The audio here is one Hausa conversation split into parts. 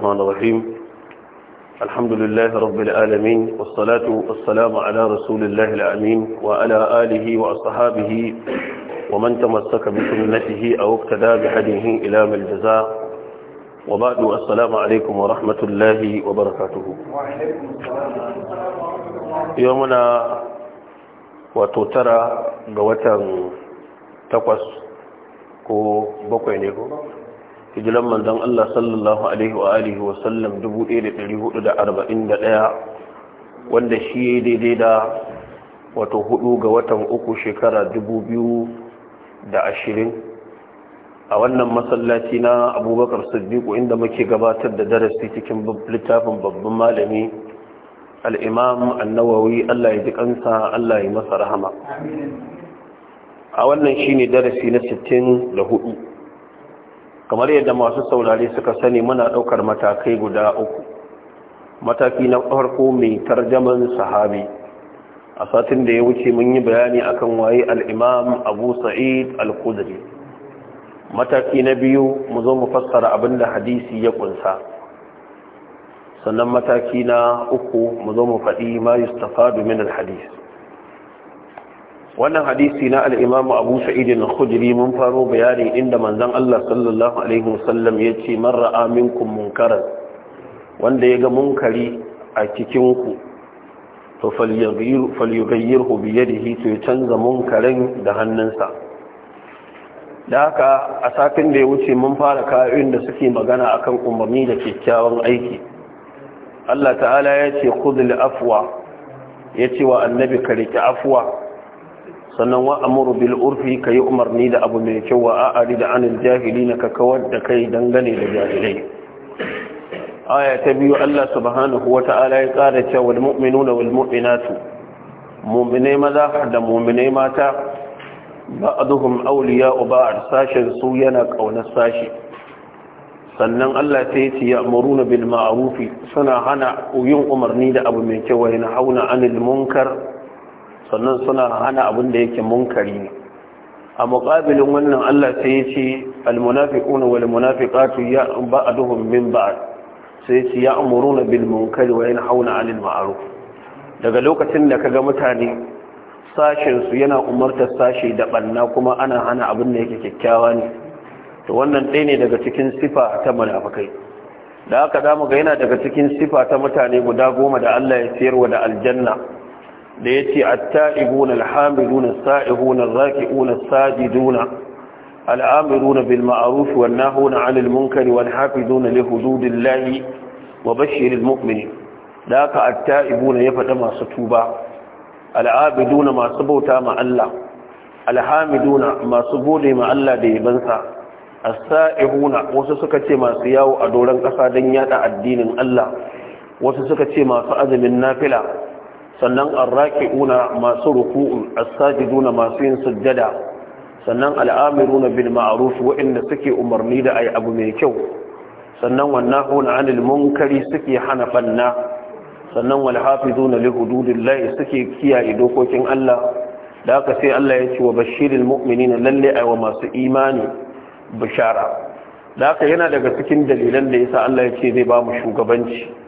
الرحمن الرحيم الحمد لله رب العالمين والصلاة والسلام على رسول الله الأمين وعلى آله وأصحابه ومن تمسك بسنته أو اقتدى بهديه إلى من الجزاء وبعد السلام عليكم ورحمة الله وبركاته يومنا وتترى قوة تقوس ko bakwai ne ko hijiran manzon Allah sallallahu alaihi wa alihi wa sallam 1441 wanda shi ya daidai da wato hudu ga watan uku shekara ashirin, a wannan masallaci na abubakar Sadiku inda muke gabatar da darasi cikin littafin babban malami al'imam annawawi Allah ya ji kansa Allah ya masa rahama a wannan shi ne darasi na sittin 64 kamar yadda masu saurari suka sani muna ɗaukar matakai guda uku mataki na farko mai tarjaman sahabi a satin da ya wuce mun yi bayani akan waye al'imam abu sa'id al-kudri mataki na biyu mu zo mu fassara abin da hadisi ya kunsa sannan mataki na uku mu zo mu faɗi ma yustafadu min al-hadisi wannan hadisi na al'imamu abu sa'idin khudiri mun faro bayani inda manzan Allah sallallahu Alaihi wasallam ya ce marar aminkun munkarar wanda ya ga munkari a cikinku to falyugayyar hobiye da hito ya canza munkarin da hannunsa da haka a satin da ya wuce mun fara kayoyin da suke magana akan umarni da kyakkyawan aiki Allah ta'ala ya ce kudul afuwa ya ce wa annabi ka riƙe afuwa sannan wa amuru bil urfi ka yi umarni da abu mai kyau wa a'ari da anil jahili na kawar da kai dangane da jahilai aya ta biyu Allah subhanahu wata'ala ya kara cewa wal da wal mu'minatu mu'minai maza da mu'minai mata ba'duhum awliya'u ba'd sashin su yana kaunar sashi sannan Allah ta ce ya'muruna bil ma'ruf suna hana yin umarni da abu mai kyau wa hauna anil munkar sannan suna hana abin da yake munkari ne a muƙabilin wannan Allah sai ya ce almunafiquna wal munafiqatu ya ba'duhum min ba'd sai ya ce ya'muruna bil munkari wa yanhauna 'anil ma'ruf daga lokacin da kaga mutane sashin su yana umartar sashi da banna kuma ana hana abin da yake kyakkyawa ne to wannan ɗaya ne daga cikin sifa ta munafikai da haka zamu ga yana daga cikin sifa ta mutane guda goma da Allah ya siyarwa da aljanna da ya ce atta'ibuna alhamiduna sa'ihuna raki'una sajiduna al'amiruna bil ma'ruf wan nahuna 'anil munkari wan hafizuna li hududillahi wa bashiril mu'minin da haka atta'ibuna ya faɗa masu tuba al'abiduna masu bauta ma Allah alhamiduna masu gode ma Allah da yabansa as-sa'ihuna wasu suka ce masu yawo a doron ƙasa don yada addinin Allah wasu suka ce masu azumin nafila sannan arraki'una masu ruku'u as masu yin sujjada sannan al'amiruna bil ma'ruf waɗanda suke umarni da ayi abu mai kyau sannan wannahuna 'anil munkari suke hana fanna? sannan wal hafizuna li hududillahi suke kiyaye dokokin Allah da haka sai Allah ya ce wa bashiril mu'minina lalle ai wa masu imani bishara da haka yana daga cikin dalilan da yasa Allah ya ce zai ba mu shugabanci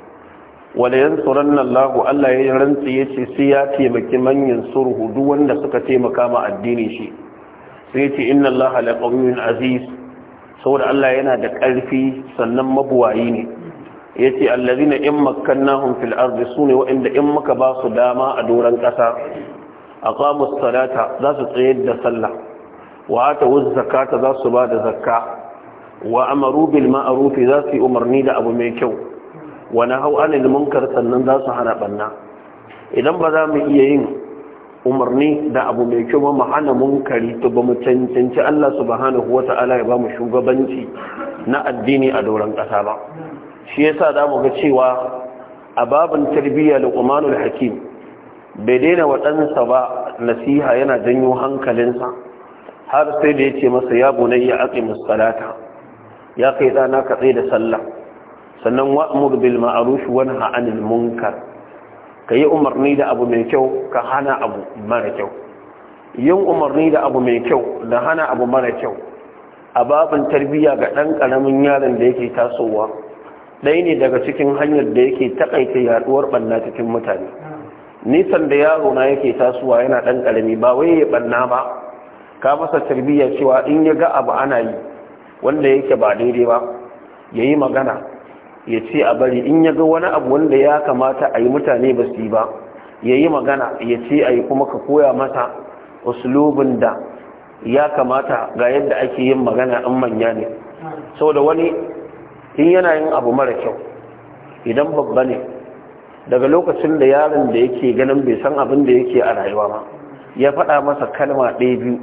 wala yansuranna Allah Allah ya rantsi ce sai ya taimaki manyan yansuruhu duk wanda suka taimaka ma addinin shi sai yace inna Allah laqawiyyun aziz saboda Allah yana da ƙarfi sannan mabuwayi ne yace allazina in makkannahum fil ardi sunu wa inda in muka ba su dama a doran ƙasa aqamu salata za su tsayar da sallah wa atu zakata za su ba da zakka wa amaru bil ma'ruf za su yi umarni da abu mai kyau wani hau anil munkar sannan za su hana banna idan ba za mu iya yin umarni da abu mai kyau ba mu hana munkari to ba mu cancanci Allah subhanahu wata'ala ya ba mu shugabanci na addini a doron ƙasa ba shi yasa za mu ga cewa a babin tarbiyya luqmanul hakim bai daina wa ɗansa ba nasiha yana janyo hankalinsa har sai da ya ce masa ya bunayya aqimus salata ya kai dana ka tsaye da sallah sannan wa'mur bil ma'ruf wa nahy 'anil munkar kayi umarni da abu mai kyau ka hana abu mara kyau yin umarni da abu mai kyau da hana abu mara kyau a babin tarbiyya ga ɗan ƙaramin yaron da yake tasowa ɗaya ne daga cikin hanyar da yake taƙaita yaduwar ɓanna cikin mutane nisan da yaro na yake tasowa yana ɗan ƙarami ba wai ya ɓanna ba ka masa tarbiyya cewa in ya ga abu ana yi wanda yake ba daidai ba ya yi magana ya ce a bari in ya ga wani abu wanda ya kamata a yi mutane ba su yi ba ya yi magana ya ce a yi kuma ka koya mata usulubin da ya kamata ga yadda ake yin magana in manya ne saboda wani in yana yin abu mara kyau idan babba ne daga lokacin da yaron da yake ganin bai san abin da yake a rayuwa ba ya faɗa masa kalma ɗaya biyu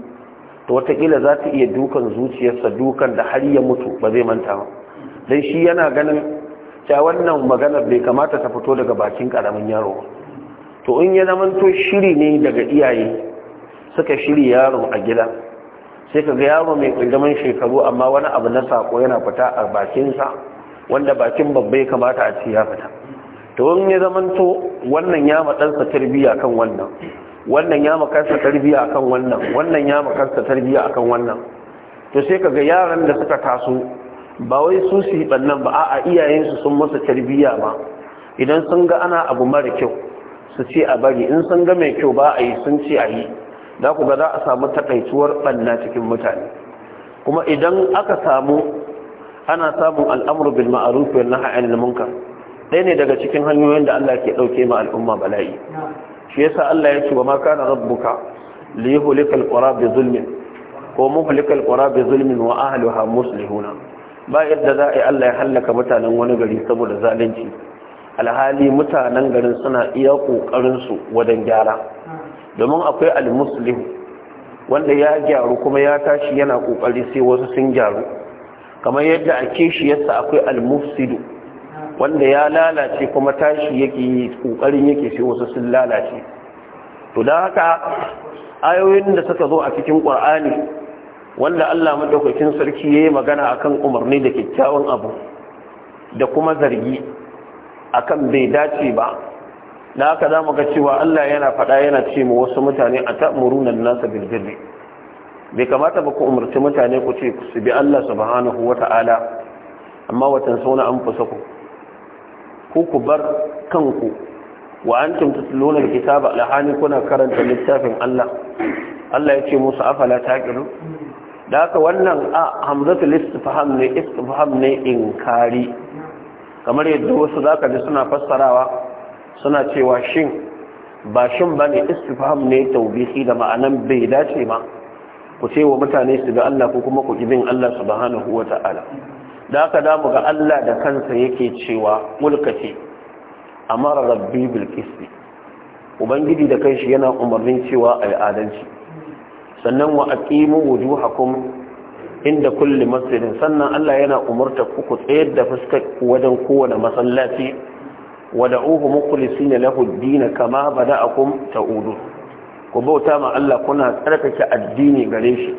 to wataƙila za ta iya dukan zuciyarsa dukan da har ya mutu ba zai manta ba don shi yana ganin ta wannan maganar bai kamata ta fito daga bakin karamin yaro to in ya to shiri ne daga iyaye suka shiri yaro a gida sai ka ga yaro mai ƙundamin shekaru amma wani abu na sako yana fita a bakinsa wanda bakin babbai kamata a ce ya fita to in ya to wannan ya maɗansa tarbiyya kan wannan wannan ya makarsa tarbiyya kan wannan wannan ya makarsa tarbiyya kan wannan to sai kaga yaran da suka taso ba wai su su yi ɓannan ba a iyayensu sun masa tarbiyya ba idan sun ga ana abu mara kyau su ce a bari in sun ga mai kyau ba a yi sun ce a yi da ku ga za a samu takaituwar ɓanna cikin mutane kuma idan aka samu ana samun al'amuru bil ma'ruf wal nahy anil munkar ɗaya ne daga cikin hanyoyin da Allah ke ɗauke ma al'umma bala'i shi yasa Allah ya ce wa ma kana rabbuka li yuhlikal qura bi zulmin ko muhlikal qura bi zulmin wa ahliha muslihuna ba yadda za a yi Allah ya hallaka mutanen wani gari saboda zalunci alhali mutanen garin suna iya ƙoƙarinsu wajen gyara domin akwai almuslim wanda ya gyaru kuma ya tashi yana ƙoƙari sai wasu sun gyaru kamar yadda a kishiyarsa akwai almufsidu wanda ya lalace kuma tashi yake ƙoƙarin yake sai wasu sun lalace to da haka ayoyin da suka zo a cikin ƙwar'ani wanda Allah madaukakin sarki yayi magana akan umarni da kyakkyawan abu da kuma zargi akan bai dace ba na haka zamu ga cewa Allah yana faɗa yana ce mu wasu mutane atamuruna an-nasa bil bai kamata ba ku umarci mutane ku ce su bi Allah subhanahu wata'ala amma watan sauna an fusa ku ku ku bar kanku wa antum tatluna alkitaba alhani kuna karanta littafin Allah Allah ya ce musu afala taqilu da haka wannan a hamzatul istifham ne istifham ne inkari kamar yadda wasu zaka ji suna fassarawa suna cewa shin ba shin bane istifham ne tawbihi da ma'anan bai dace ma ku ce wa mutane su bi Allah ko kuma ku bin Allah subhanahu wata'ala da haka da mu ga Allah da kansa yake cewa mulkati amara rabbi bil ubangiji da kanshi yana umarnin cewa yi adalci sannan wa aqimu wujuhakum inda kulli masjidin sannan Allah yana umarta ku ku tsayar da fuskar wajen kowane masallaci wa da'uhu mukhlisina lahu ad-din kama bada'akum udu. ku bauta ma Allah kuna tsarkake addini gare shi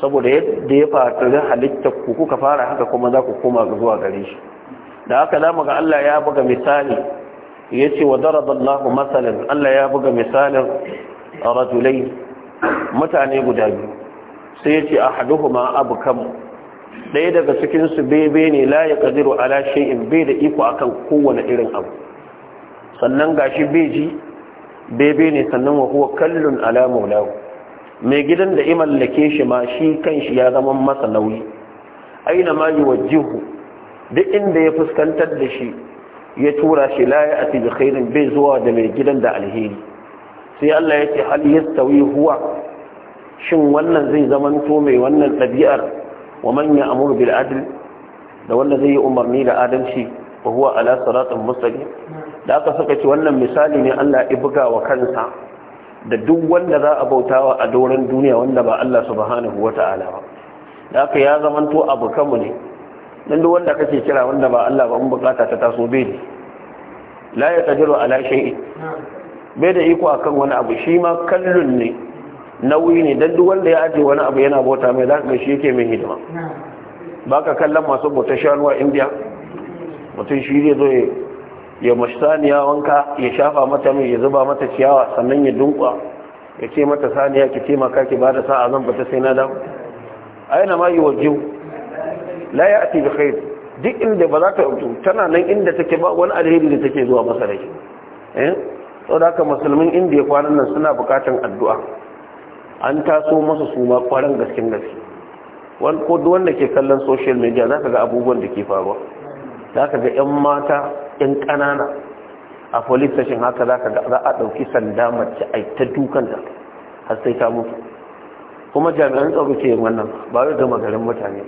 saboda yadda ya fara halitta ku kuka fara haka kuma za ku koma zuwa gare shi da haka zamu ga Allah ya buga misali yace wa darada Allahu masalan Allah ya buga misalin rajulain mutane guda biyu sai ya ce a haduhuma abu kan ɗaya daga cikinsu bebe ne la ya ƙadiru ala in bai da iko akan kowane irin abu sannan ga shi beji, bebe ne sannan wa kuwa kallon alamu lau mai gidan da iman ke shi ma shi kan shi ya zama masa nauyi aina ma yuwajjihu duk inda ya fuskantar da shi ya tura shi la ya ati bai zuwa da mai gidan da alheri sai Allah yake hal yastawi huwa shin wannan zai zamanto mai wannan ɗabi'ar wa manya amuru bil adl da wanda zai yi umarni da adalci wa huwa ala siratin mustaqim da aka saka ci wannan misali ne Allah ya buga wa kansa da duk wanda za a bautawa a doron duniya wanda ba Allah subhanahu wata'ala ba da aka ya zamanto abu kanmu ne dan duk wanda kake kira wanda ba Allah ba mun bukata ta taso bai la ya tajiru ala shay'in bai da iko akan wani abu shi ma kallon ne nauyi ne don duk wanda ya ajiye wani abu yana bauta mai zaka shi yake mai hidima ba ka kallon masu bauta shanuwa indiya mutum shi zai zo ya ya wanka ya shafa mata mai ya zuba mata ciyawa sannan ya dunkwa ya ce mata saniya ki taimaka ki ba da sa'a zan bata sai na damu aina ma yi wajen la ya ati bi khair duk inda ba za ta tana nan inda take ba wani alheri da take zuwa masa rai sau musulmin indiya kwanan nan suna bukatan addu'a an taso masa su ma kwanan gaskin gaske wanda ke kallon social media za ka ga abubuwan da ke faruwa za ka ga 'yan mata 'yan kanana a police station haka za ka za a ɗauki sanda mace a ta dukanta har sai ta mutu kuma jami'an tsaro ke yin wannan ba wai gama garin mutane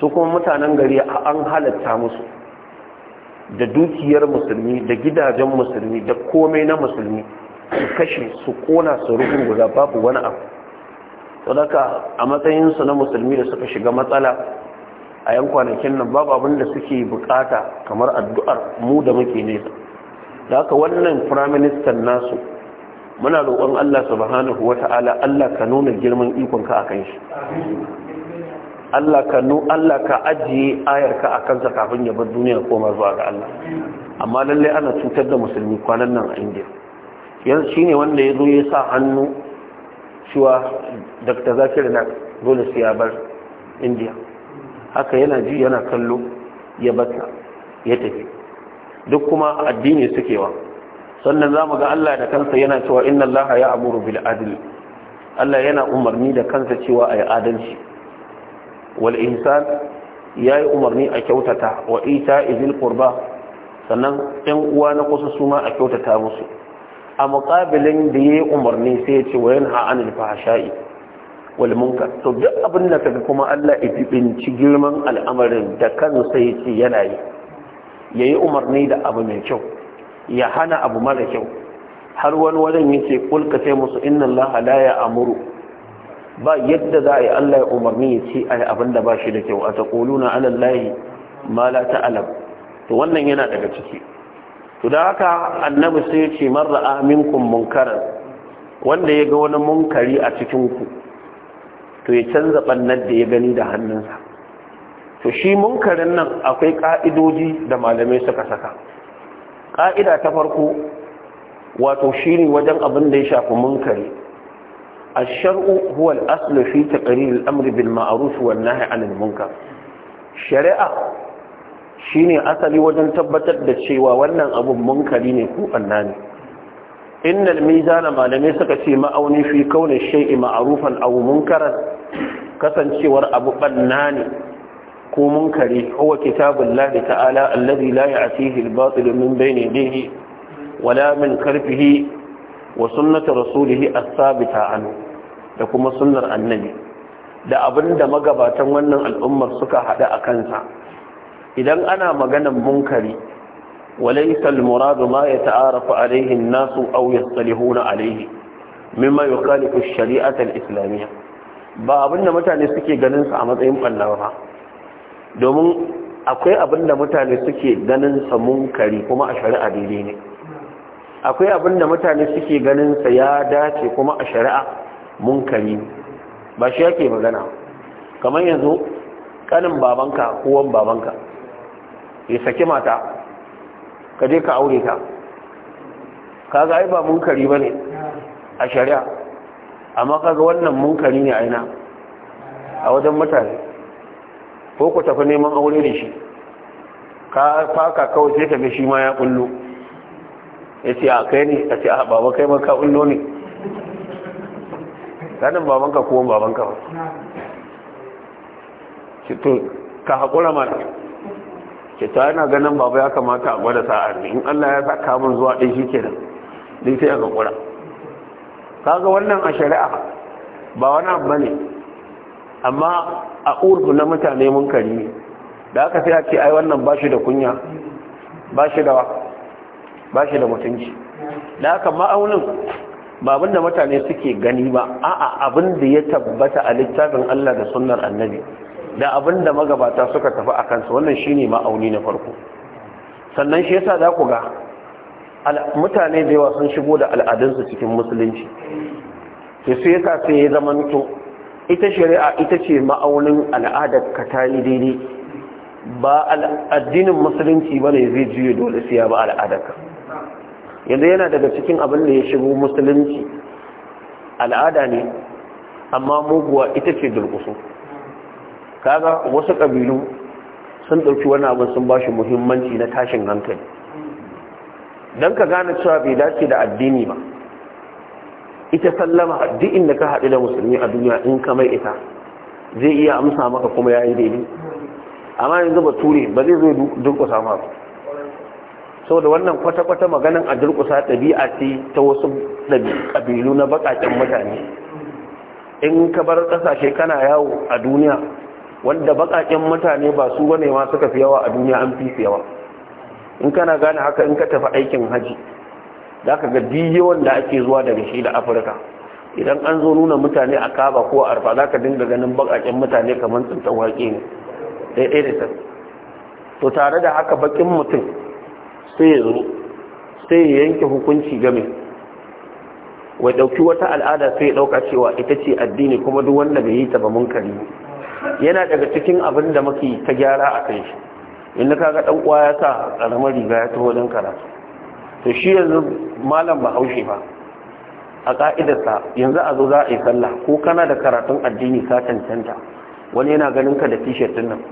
su kuma mutanen gari an halatta musu da dukiyar musulmi da gidajen musulmi da komai na musulmi su kashe su kona su guda babu wani abu sadaka a matsayinsu na musulmi da suka shiga matsala a yan kwanakin nan babu abin da suke bukata kamar addu'ar mu da muke nesa da haka wannan firaministan nasu muna roƙon allah subhanahu wata'ala allah ka nuna girman ikonka a kan shi Allah ka nu Allah ka ajiye ayar ka a kansa kafin ya bar duniya koma zuwa ga Allah amma lalle ana cutar da musulmi kwanan nan a India yanzu shine wanda ya zo ya sa hannu cewa Dr. Zakir na dole su ya bar India haka yana ji yana kallo ya bata ya tafi duk kuma addini sukewa sannan za mu ga Allah da kansa yana cewa inna Allah ya amuru bil adl Allah yana umarni da kansa cewa ayi adalci wal ihsan yayi umarni a kyautata wa ita izil qurba sannan ɗan uwa na kusa su ma a kyautata musu a muƙabilin da yi umarni sai ya ce wa yanha anil shai wal munkar to duk abin da kaga kuma Allah ya binci girman al'amarin da kansa yace yana yi yayi umarni da abu mai kyau ya hana abu mara kyau har wani wajen ce kulka sai musu inna Allah la ya amuru ba yadda za a yi Allah ya umarni ya ce a yi abin da ba shi da kyau a taƙoluna alallahi ma la ta'alam to wannan yana daga ciki to da haka annabi sai ya ce mara aminku minkum wanda ya ga wani munkari a cikin ku to ya canza bannar da ya gani da hannunsa to shi munkarin nan akwai ka'idoji da malamai suka saka ka'ida ta farko wato shine wajen abin da ya shafi munkari الشرع هو الأصل ta تقرير الأمر بالمعروف والنهي عن المنكر shari'a shine asali wajen tabbatar da cewa wannan abun munkari ne ko banna ne innal mizana malamai suka ce ma'auni fi kauni shay'i abu aw munkaran kasancewar abu banna ne ko munkari huwa kitabullahi ta'ala alladhi la ya'tihi al-batil min bayni yadihi wala min khalfihi wa sunnati rasulih as-sabita anhu da kuma sunnar annabi da abin da magabatan wannan al'ummar suka haɗa a kansa idan ana maganan munkari al-Muradu ma وليس المراد ما nasu عليه الناس أو يصطلحون عليه مما يخالف الشريعة islamiyya. ba abinda mutane suke ganin sa a matsayin ballawa domin akwai abinda mutane suke ganin sa munkari kuma a shari'a daidai ne akwai abinda mutane suke ganin sa ya dace kuma a shari'a munkari ba shi yake magana kamar yanzu kanin babanka kowan babanka ya saki mata ka je ka aure ta kaga ai ba munkari ne a shari'a amma kaga wannan munkari ne aina a wajen mutane ko ku tafi neman aure da shi ka faka kawai sai ka shi ma ya kullu ya ce a kai ne a ce a baba kai ma ka ne kanin babanka ko babanka ba ki to ka hakura ma ki to yana ganin baba ya kamata a gwada sa'a in Allah ya saka mun zuwa ɗin shi kenan din sai ka hakura kaga wannan a shari'a ba wani abu bane amma a urdu na mutane mun kari ne da aka sai a ce ai wannan bashi da kunya bashi da bashi da mutunci da aka ma'aunin ba abinda mutane suke gani ba a'a abinda ya tabbata a littafin Allah da sunnar annabi da abinda magabata suka tafi a kansu wannan shi ne ma'auni na farko sannan shi yasa za ku ga mutane da yawa sun shigo da al'adunsu cikin musulunci to sai yasa sai ya zama to ita shari'a ita ce ma'aunin al'adar ka ta yi daidai ba addinin musulunci ba ne zai juye dole siya ba al'adar yanzu yana daga cikin abin da ya shigo musulunci al'ada ne amma muguwa ita ce durkusu kaga wasu kabilu sun ɗauki wani abin sun ba shi muhimmanci na tashin hankali don ka gane cewa bai dace da addini ba ita sallama duk inda ka haɗu da musulmi a duniya in ka mai ita zai iya amsa maka kuma ya yi daidai amma yanzu ba ture ba zai zo durkusa masu da wannan kwata-kwata maganin a durƙusa ɗabi'a ce ta wasu ƙabilu na baƙaƙen mutane in ka bar ƙasashe kana yawo a duniya wanda baƙaƙen mutane ba su wane ma suka fi yawa a duniya an fi yawa in kana gane haka in ka tafi aikin haji za ka ga yawan da ake zuwa daga shi da afirka idan an zo nuna mutane a kaba ko a arfa za ka dinga ganin bakaken mutane kamar tsintar waƙe ne ɗaya da ta to tare da haka baƙin mutum sai ya zo sai ya yanke hukunci game wai ɗauki wata al'ada sai ya ɗauka cewa ita ce addini kuma duk wanda bai yi ta ba munkari yana daga cikin abin da muke ta gyara a kai shi inda ga ɗan uwa ya sa ƙaramar riga ya taho don karatu to shi yanzu malam ba bahaushe ba a ƙa'idarsa yanzu a zo za a yi sallah ko kana da karatun addini ka cancanta wani yana ganin ka da t-shirt nan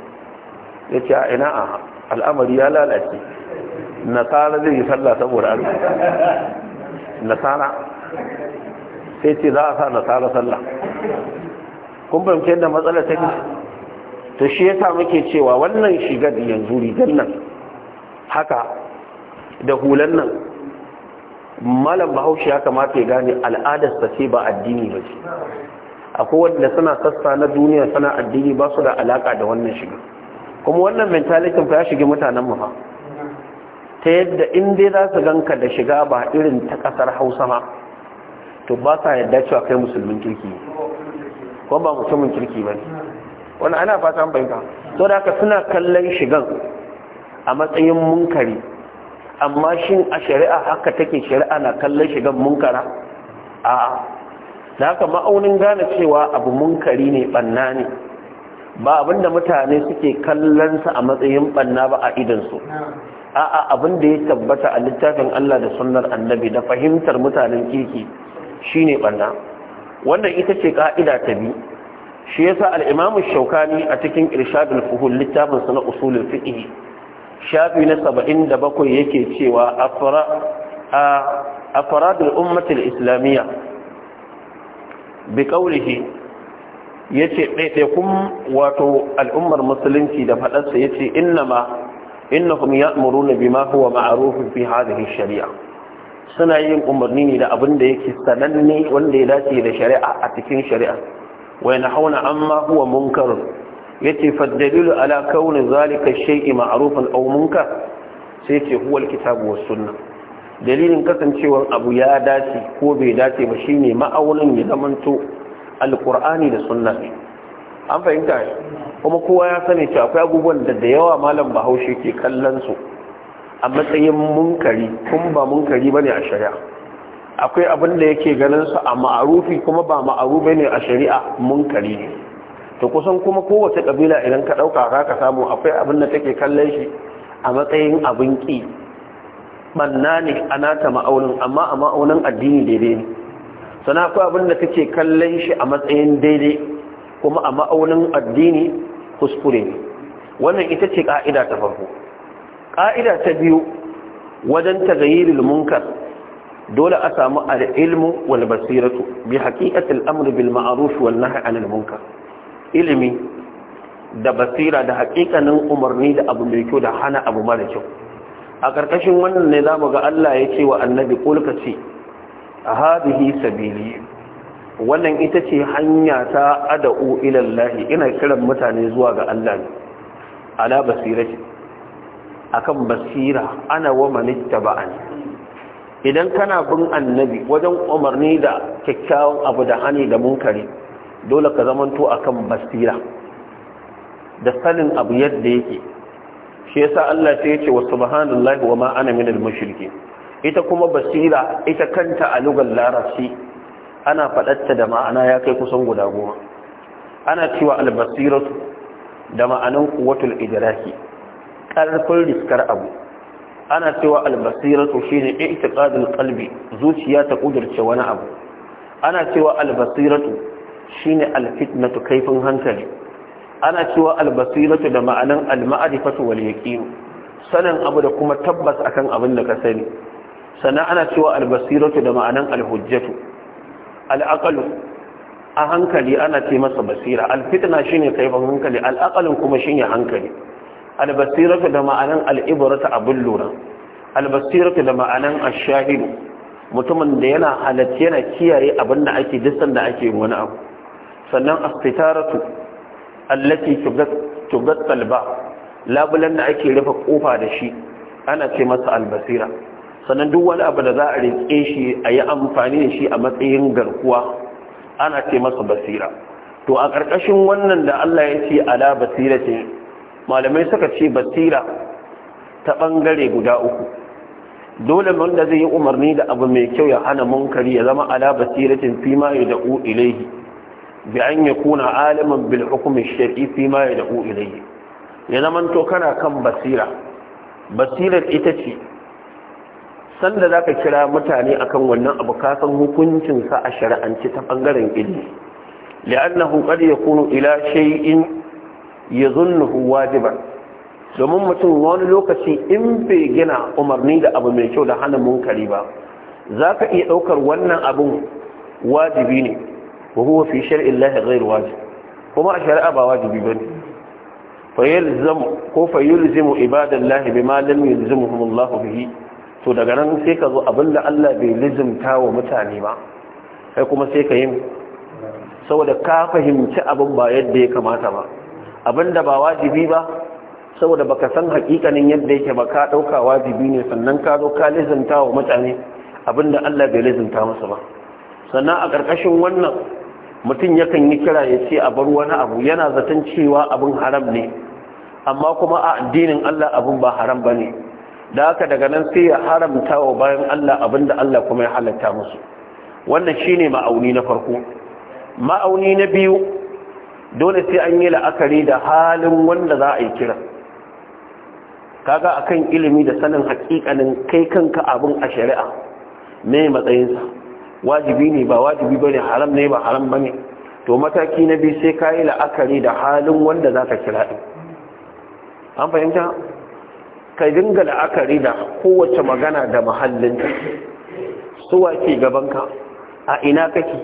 ya ce a ina a al'amari ya lalace nasara zai yi sallah saboda arziki nasara sai ce za a sa nasara sallah kun da yadda matsala ta ke to shi yasa muke cewa wannan shigar yanzu rigar nan haka da hulan nan malam bahaushe ya kamata ya gane al'adarsa ce ba addini ba ce akwai wanda suna sassa na duniya suna addini ba su da alaka da wannan shiga kuma wannan mentalitin fa ya shiga mutanen mu ta yadda in dai za su ganka da shiga ba irin ta kasar hausa ma to ba sa yadda cewa kai musulmin kirki ko ba musulmin kirki ba wani ana fata an fahimta so da haka suna kallon shigan a matsayin munkari amma shin a shari'a haka take shari'a na kallon shigan munkara a da haka ma'aunin gane cewa abu munkari ne banna ne ba abinda mutane suke kallonsa a matsayin banna ba a idansu a'a abin da ya tabbata a littafin Allah da sunnar annabi da fahimtar mutanen kirki shine banna wannan ita ce ka'ida ta bi shi yasa al-Imam Shawkani a cikin Irshadul Fuhul littafin sa na usulul fiqh shafi na 77 yake cewa afra a afradul ummatil islamiyya bi qawlihi ya ce ɗaiɗaikun wato al'ummar musulunci da faɗarsa ya ce innama innahum ya'muruna bima huwa ma'ruf fi hadhihi shari'a suna yin umarni ne da abin da yake sananne wanda ya dace da shari'a a cikin shari'a wa yanhauna amma huwa munkar yace fa dalilu ala kauni zalika shay'i ma'rufan aw munkar sai ce huwa alkitabu was sunna dalilin kasancewar abu ya dace ko bai dace ba shine ma'aunin ya zamanto alqur'ani da sunna an fahimta kuma kowa ya sani cewa akwai abubuwan da da yawa malam bahaushe ke kallon su a matsayin munkari kuma ba munkari bane a shari'a akwai abin da yake ganin su a ma'arufi kuma ba ma'aru ne a shari'a munkari ne to kusan kuma kowace kabila idan ka dauka ka ka samu akwai abin da take kallon shi a matsayin abin ki banna ne a nata ma'aunin amma a ma'aunin addini daidai ne sana akwai abin da take kallon shi a matsayin daidai kuma a ma'aunin addini kuskure ne wannan ita ce ƙa'ida ta farko ƙa'ida ta biyu wajen tagayyirul munkar dole a samu al-ilmu wal basiratu bi haqiqatil amr bil ma'arufi wal nahi anil munkar ilimi da basira da haƙiƙanin umarni da abu mai kyau da hana abu mara kyau a ƙarƙashin wannan ne zamu ga Allah ya ce wa annabi qul ka ce hadhihi sabili wannan ita ce hanya ta ada'u ilallahi ina kiran mutane zuwa ga Allah ne ala basirati akan basira ana wa manitta idan kana bin annabi wajen umarni da kyakkyawan abu da hani da munkari dole ka zamanto akan basira da sanin abu yadda yake shi yasa Allah sai ya ce wa subhanallahi wa ma ana minal mushrikin ita kuma basira ita kanta a lugar larabci ana faɗatta da ma'ana ya kai kusan guda goma ana cewa albasiratu da ma'anan kuwatul idraki ƙarfin riskar abu ana cewa albasiratu shine i'tiqadul qalbi zuciya ta kudurce wani abu ana cewa albasiratu shine alfitnatu kaifin hankali ana cewa albasiratu da ma'anan alma'rifatu wal yaqin sanin abu da kuma tabbas akan abin da ka sani sannan ana cewa albasiratu da ma'anan alhujjatu al'aqalu a hankali ana ce masa basira alfitna ne kaifin hankali al'aqalun kuma shine hankali albasiratu da ma'anan al'ibratu abin lura albasiratu da ma'anan ashahidu mutumin da yana halarci yana kiyaye abin da ake disan da ake wani abu sannan astitaratu allati tugat talba labulan da ake rufe kofa da shi ana ce masa albasira sannan duk wani abu da za a riƙe shi a yi amfani da shi a matsayin garkuwa ana ce masa basira to a ƙarƙashin wannan da Allah ya ce ala basira ce malamai suka ce basira ta ɓangare guda uku dole wanda zai yi umarni da abu mai kyau ya hana munkari ya zama ala basiratin fi ma ya da'u ilaihi bi an ya kuna alamin bil hukumi shar'i fi ma ya da'u ilaihi ya zama to kana kan basira basirar ita ce sanda za ka kira mutane akan wannan abu kasan hukuncinsa a shari'anci ta ɓangaren ilmi li'annahu qad yakunu ila shay'in yazunnuhu wajiban domin mutum wani lokaci in bai gina umarni da abu mai kyau da hana munkari ba za ka iya ɗaukar wannan abin wajibi ne wa huwa fi shar'in lahi ghair wajib kuma a shari'a ba wajibi ba ne fayalzamu ko fayulzimu ibadallahi bima lam yulzimuhum Allah bihi to daga nan sai ka zo abin da Allah bai lizimta wa mutane ba sai kuma sai ka yi saboda ka fahimci abin ba yadda ya kamata ba abin da ba wajibi ba saboda baka san hakikanin yadda yake ba ka dauka wajibi ne sannan ka zo ka lizimta wa mutane abin da Allah bai lizimta masa ba sannan a ƙarƙashin wannan mutum yakan yi kira ya ce a bar wani abu yana zaton cewa abin haram ne amma kuma a addinin Allah abin ba haram ba ne da haka daga nan sai ya haramta wa bayan Allah abinda Allah kuma ya halatta musu wannan shine ma'auni na farko ma'auni na biyu dole sai an yi la'akari da halin wanda za a yi kira kaga akan ilimi da sanin hakikanin kai kanka abin a shari'a me matsayinsa wajibi ne ba wajibi bane haram ne ba haram bane to mataki na biyu sai ka yi la'akari da halin wanda za ka kira din an fahimta ka dinga la'akari da kowace magana da Su suwa ke gabanka a ina kake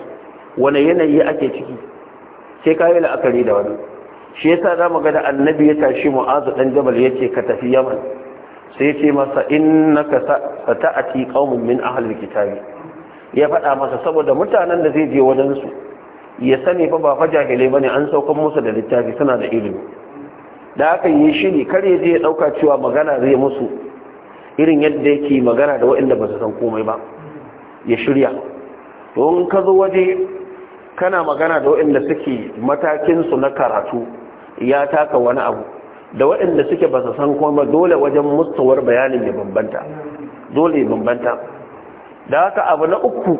wane yanayi ake ciki sai ka yi la'akari da wani shi yasa za mu ga da annabi ya tashi mu'azu dan jabal ya ka tafi yaman sai ya ce masa innaka sata'ati qaumun min ahli kitabi ya faɗa masa saboda mutanen da zai je wajen su ya sani fa ba fa jahilai bane an saukan musu da littafi suna da ilimi da aka yi shi ne kar ya je ya ɗauka cewa magana zai musu irin yadda yake magana da waɗanda ba su san komai ba ya shirya don ka zo waje kana magana da waɗanda suke matakinsu na karatu ya taka wani abu da waɗanda suke ba su san komai dole wajen mustawar bayanin ya bambanta dole ya bambanta da haka abu na uku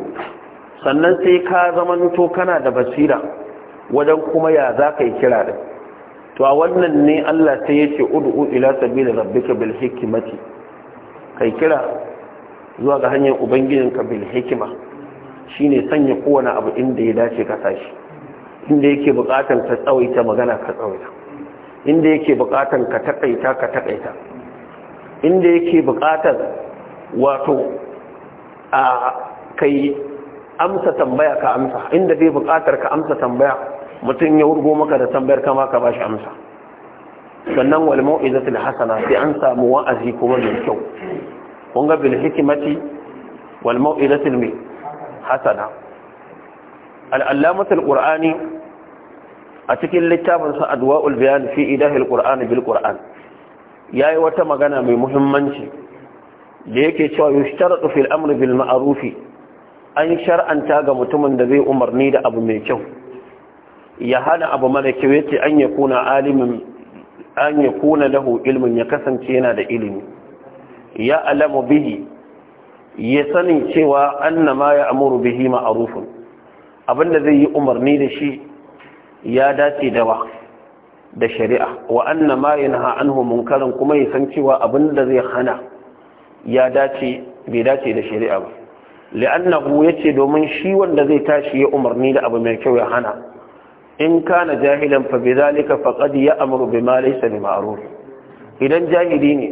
sannan sai ka zamanto kana da basira wajen kuma ya za ka yi kira din to a wannan ne Allah sai ya ce ud'u ila sabili rabbika bil hikmati kai kira zuwa ga hanyar ka bil hikma shine sanya kowane abu inda ya dace ka sashi inda yake bukatun ka tsawaita magana ka tsawaita inda yake bukatun ka takaita ka takaita inda yake bukatun wato a kai amsa tambaya ka amsa inda bai bukatar ka amsa tambaya mutum ya wurgo maka da tambayar kama ka bashi amsa sannan wal mau'izatul hasana sai an samu wa'azi kuma mai kyau kun ga bil hikmati wal mau'izatul mi hasana al allamatul qur'ani a cikin littafin sa adwa'ul bayan fi idahil qur'ani bil qur'an yayi wata magana mai muhimmanci da yake cewa yushtaratu fil amri bil ma'ruf an shar'anta ga mutumin da zai umarni da abu mai kyau ya hana abu mara kyau yace an ya kuna alimin an ya kuna lahu ilmin ya kasance yana da ilimi ya alamu bihi ya sanin cewa anna ma ya amuru bihi ma'rufun abinda zai yi umarni da shi ya dace da da shari'a wa anna ma yanha anhu munkarin kuma ya san cewa abinda zai hana ya dace bai dace da shari'a ba li'annahu yace domin shi wanda zai tashi ya umarni da abu mai kyau ya hana in kana jahilan fa bidhalika faqad ya'muru bima laysa bi ma'ruf idan jahili ne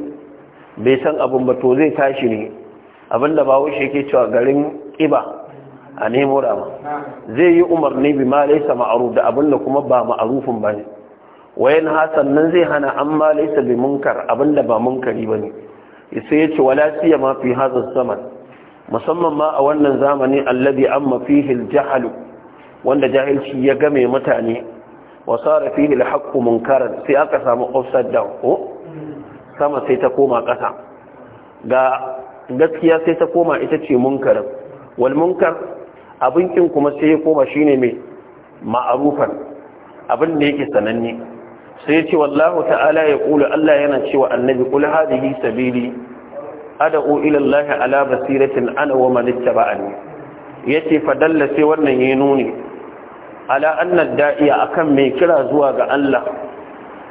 bai san abun ba to zai tashi ne abinda ba wuce yake cewa garin kiba a nemo rama zai yi umarni bima laysa ma'ruf da abinda kuma ba ma'rufin bane wayan hasan nan zai hana amma laysa bi munkar abinda ba munkari bane sai ce wala siyama fi hadha zaman musamman ma a wannan zamani alladhi amma fihi al-jahalu wanda jahilci ya game mutane wasara da alhaqqu munkaran sai aka samu offside down ko sama sai ta koma ƙasa ga gaskiya sai ta koma ita ce munkarin wal munkar kuma sai ya koma shine mai ma'arufan abin da yake sananne sai ya ce wallahu ta'ala ya kula Allah yana cewa annabi kul hadhihi sabili ada'u ilallahi ala basiratin ana wa man ittaba'ani ya ce fadalla sai wannan ya nuni ala annad da'iya akan mai kira zuwa ga Allah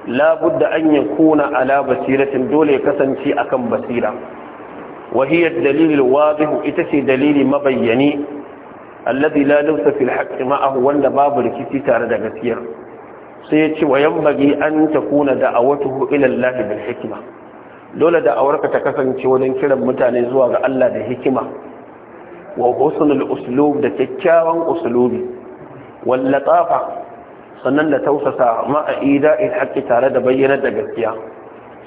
labudda an kuna ala basiratin dole ya kasance akan basira wahiyad dalilul wadih ita ce dalili mabayyani alladhi la lawsa fil haqq ma'ahu babu rikici tare da gaskiya sai ya ce wa yambagi an takuna da'awatuhu ila Allah bil hikma dole da'awarka ta kasance wajen kiran mutane zuwa ga Allah da hikima wa husnul uslub da kyakkyawan uslubi wal latafa sannan da tausasa ma'a ida'il haqqi tare da bayyana da gaskiya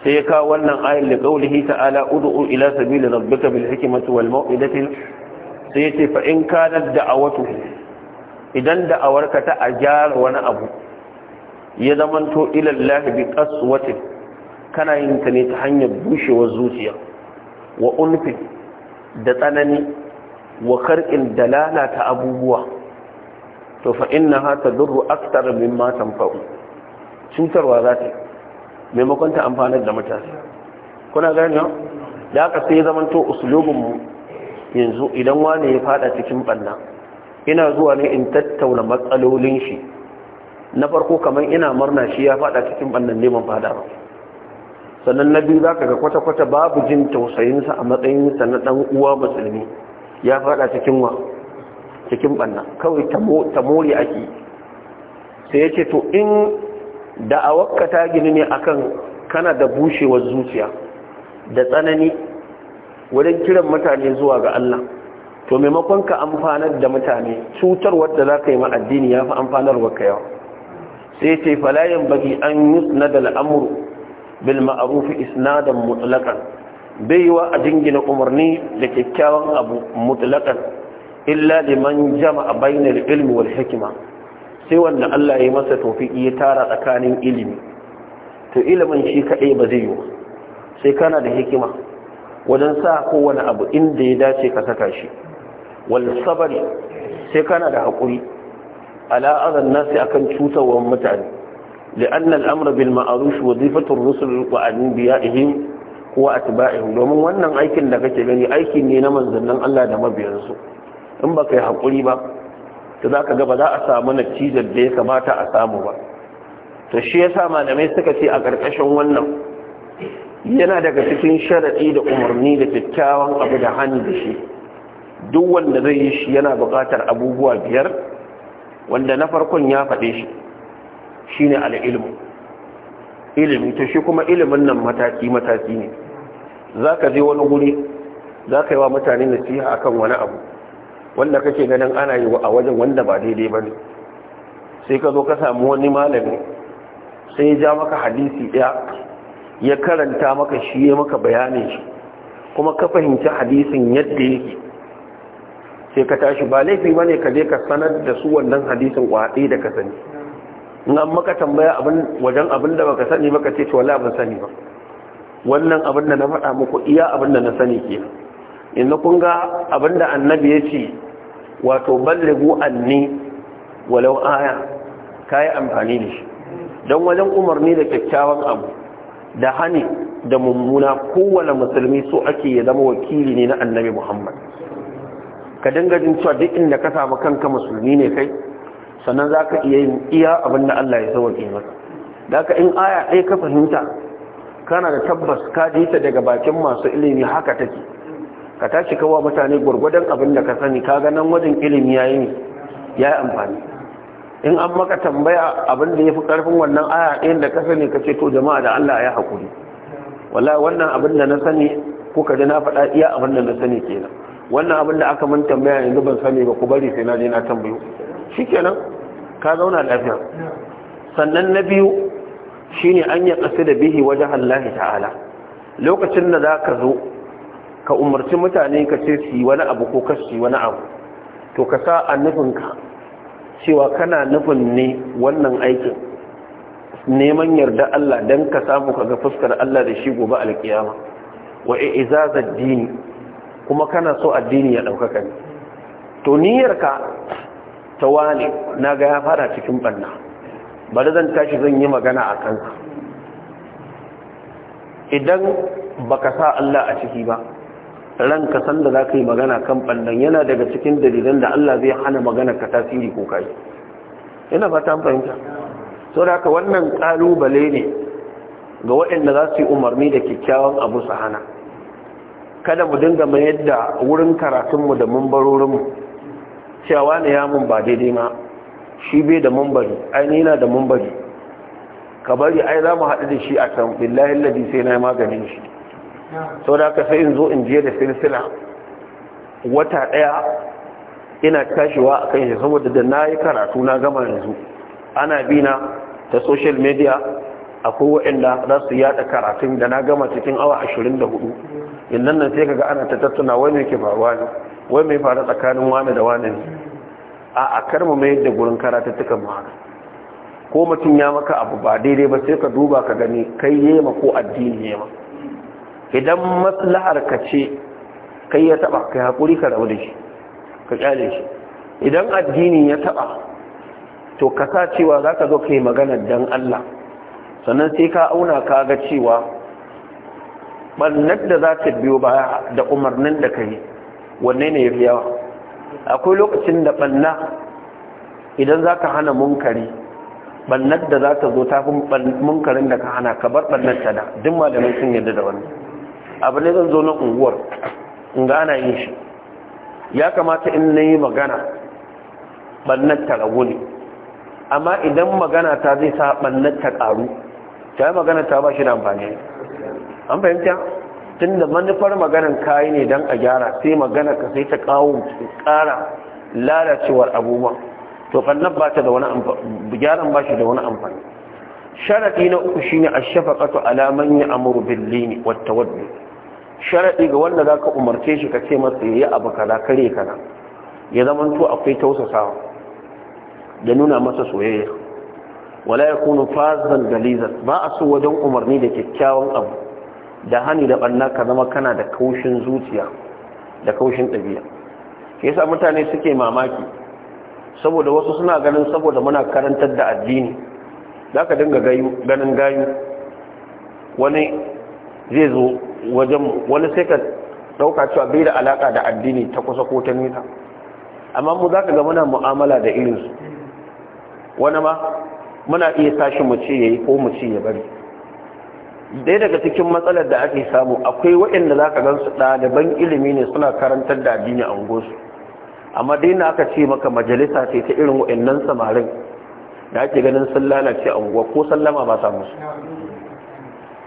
sai ya kawo wannan ayin da qaulihi ta'ala ud'u ila sabili rabbika bil hikmati wal mau'izati sai yace fa in kana da'awatu idan da'awarka ta ajara wani abu ya zamanto ila Allah bi qaswatin kana yin ta ne ta hanyar bushewar zuciya wa unfi da tsanani wa in dalala ta abubuwa to fa inna ha ta duru aktar min matan tamfa'u cutarwa za ta maimakon ta amfanar da matasa. kuna gani da aka sai zaman to usulubin yanzu idan wani ya fada cikin banna ina zuwa ne in tattauna matsalolin shi na farko kamar ina murna shi ya fada cikin bannan neman fada ba sannan na biyu za ka ga kwata-kwata babu jin tausayinsa a matsayinsa na ɗan uwa musulmi ya fada cikin wa cikin banna kawai ta more ake sai ya ce to in da'awarka ta gini ne akan kana da bushewar zuciya da tsanani wurin kiran mutane zuwa ga Allah to maimakon ka amfanar da mutane cutar wadda za ka yi ma'addini ya fi amfanarwa ka yawa sai ce falayen bagi an na da al'amuru bil ma'arufi isnadan mutlakan bai yiwa a jingina umarni da kyakkyawan abu mutlaƙan illa a jama'a bainar ilmi wal hikima sai wanda Allah ya masa tofiki ya tara tsakanin ilimi to ilimin shi kaɗai ba zai yiwu sai kana da hikima wajen sa kowane abu inda ya dace ka saka shi wal sabari sai kana da haƙuri ala azan nasi akan cutarwar mutane li'annal amra bil ma'ruf wa zifatur rusul wa anbiya'ihim ko atba'ihim domin wannan aikin da kake gani aiki ne na manzannin Allah da mabiyansu in baka yi hakuri ba to zaka ga ba za a samu natijar da ya kamata a samu ba to shi yasa malamai suka ce a karkashin wannan yana daga cikin sharadi da umarni da kyakkyawan abu da hani da shi duk wanda zai yi shi yana buƙatar abubuwa biyar wanda na farkon ya faɗe shi shine al ilm ilimi to shi kuma ilimin nan mataki mataki ne za ka je wani guri za ka yi wa mutane nasiha a kan wani abu wanda kake ganin ana yi a wajen wanda ba daidai ba ne sai ka zo ka samu wani malami sai ya ja maka hadisi ɗaya ya karanta maka shi ya maka bayanin shi kuma ka fahimci hadisin yadda yake sai ka tashi ba laifi ba ne ka je ka sanar da su wannan hadisin kwaɗe da ka sani in an maka tambaya wajen abin da baka sani ba ka ce ci wala abin sani ba wannan abin da na faɗa muku iya abin da na sani ke inda kun ga abin da annabi ya ce wato balligu anni walau aya ka yi amfani da shi don wajen umarni da kyakkyawan abu da hani da mummuna kowane musulmi so ake ya zama wakili ne na annabi muhammad ka dinga jin cewa duk inda ka samu kanka musulmi ne kai sannan za ka iya yin iya abin da allah ya sauwaƙe maka da ka in aya ɗaya ka fahimta kana da tabbas ka ji ta daga bakin masu ilimi haka take ka tashi kawa mutane gwargwadon abin da ka sani ka ga nan wajen ilimi yayi yi amfani in an maka tambaya abin da yafi karfin wannan aya ɗayan da ka sani ka ce to jama'a da Allah ya hakuri wallahi wannan abin da na sani ka ji na faɗa iya abin da na sani kenan wannan abin da aka mun tambaya yanzu ban sani ba ku bari sai na je na tambayo shikenan ka zauna lafiya sannan na biyu shine an ya kasu da bihi wajen Allah ta'ala lokacin da za ka zo ka umarci mutane ka ce su yi wani abu ko yi wani abu to ka sa a nufinka cewa kana nufin ne wannan aikin neman yarda Allah don ka samu ka ga fuskar Allah da shi gobe alkiyama wa izazar dini kuma kana so addini ya ɗaukaka ne to niyyarka ta wane na ga ya fara cikin ɓanna bari zan tashi zan yi magana a kansa idan baka sa Allah a ciki ba ran san da za ka yi magana kan ɓallon yana daga cikin dalilan da Allah zai hana magana ka tasiri ko kai yana fata fahimta so da haka wannan ƙalubale ne ga waɗanda za su yi umarni da kyakkyawan abu su hana kada mu dinga mayar da wurin karatunmu da mumbarorinmu cewa ne ya mun ba daidai ma shi bai da mumbari aini yana da mambari. ka bari ai za mu haɗu da shi a can billahi ladi sai na yi maganin shi sau da aka sai in zo in je da silsila wata ɗaya ina tashiwa a kan shi saboda da na yi karatu na gama yanzu ana bi na ta social media akwai waɗanda za su yada karatun da na gama cikin awa 24 yanzu nan sai ga ana ta tattuna wai ke faruwa ne wai mai faru tsakanin wani da wani ne a a kar mu mai da gurin karatattukan mu haka ko mutum ya maka abu ba daidai ba sai ka duba ka gani kai yema ko addini yema idan maslahar ka ce kai ya taba kai hakuri ka rabu da shi ka kyale shi idan addini ya taba to ka sa cewa za ka zo kai magana dan Allah sannan sai ka auna ka ga cewa ɓannar da za ta biyo baya da umarnin da ka yi wanne ne ya yawa akwai lokacin da banna idan za ka hana munkari bannar da za ta zo ta fi munkarin da ka hana ka bar bannar ta da duk malamai sun yadda da wani. abu ne zan zo na unguwar in ga ana yin shi ya kamata in na yi magana bannar ta ragu ne amma idan magana ta zai sa bannar ta ƙaru ta yi magana ta ba shi da amfani an fahimta tunda manufar maganar kayi ne don a gyara sai magana ka sai ta kawo ƙara lalacewar abubuwan to kannan ba ta da wani amfani gyaran ba shi da wani amfani sharadi na uku shine ash-shafaqatu ala man ya'muru bil lini wat tawaddu sharadi ga wanda zaka umarce shi ka ce masa yayi abu kaza kare kana ya zaman to akwai tausasawa da nuna masa soyayya wala kunu fazan galizan ba a so wajen umarni da kyakkyawan abu da hani da ɓanna ka zama kana da kaushin zuciya da kaushin ɗabi'a Ke yasa mutane suke mamaki saboda wasu suna ganin saboda muna karantar da addini za ka dinga ganin gayu wani zai zo wajen wani sai ka ɗauka cewa bai da alaƙa da addini ta kusa ko ta nita amma mu za ka ga muna mu'amala da irinsu wani ma muna iya tashi mu ce ya yi ko mu ce ya bari ɗaya daga cikin matsalar da ake samu akwai waɗanda za ka gan su ɗaliban ilimi ne suna karantar da addini a unguwarsu amma dai na aka ce maka majalisa ce ta irin waɗannan samarin da ake ganin sun lalace a unguwa ko sallama ba sa musu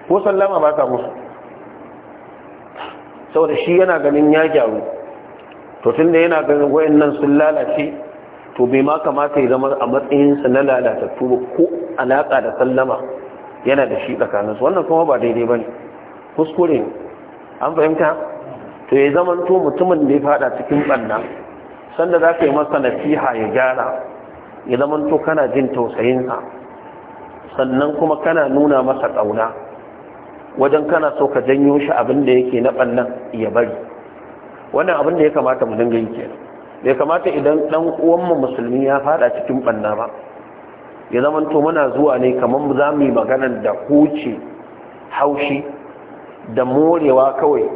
ko sallama ba sa musu saboda shi yana ganin ya gyaru to tun da yana ganin waɗannan sun lalace to bai ma kamata ya zama a matsayinsa na lalatattu ba ko alaƙa da sallama yana da shi tsakaninsu wannan kuma ba daidai ba ne kuskure ne an fahimta to ya zama to mutumin da ya fada cikin ɓanna sanda za ka yi masa nasiha ya gyara ya zama to kana jin tausayinsa sannan kuma kana nuna masa ƙauna wajen kana so ka janyo shi abin da yake na ɓannan ya bari wannan abin da ya kamata mu dinga yi kenan bai kamata idan ɗan uwanmu musulmi ya fada cikin ɓanna ba ya zaman to muna zuwa ne kamar za mu yi maganar da huce haushi da morewa kawai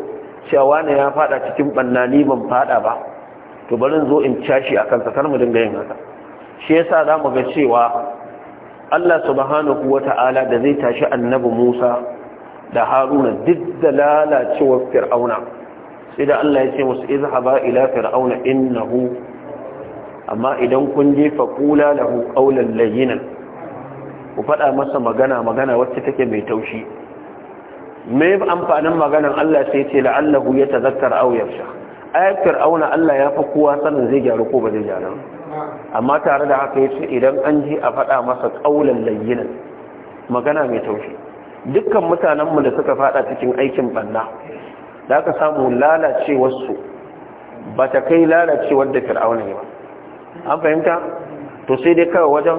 cewa ne ya fada cikin bannani ban fada ba to barin zo in cashi a kansa kar mu dinga yin haka shi yasa za mu ga cewa Allah subhanahu wa ta'ala da zai tashi annabi Musa da Haruna duk da lalacewar Fir'auna sai da Allah ya ce musu izhaba ila fir'auna innahu amma idan kun je faƙula lahu ƙaunar layinan ku faɗa masa magana magana wacce take mai taushi me amfanin maganan Allah sai ce la'allahu ya ta aw yarsha ayat fir'auna Allah ya fa kowa sanin zai gyaru ko ba zai gyaru amma tare da haka yace idan an ji a faɗa masa ƙaunar layinan magana mai taushi dukkan mutanenmu da suka faɗa cikin aikin banna da aka samu lalacewarsu ba ta kai lalacewar da fir'auna ne ba an fahimta to sai dai kawai wajen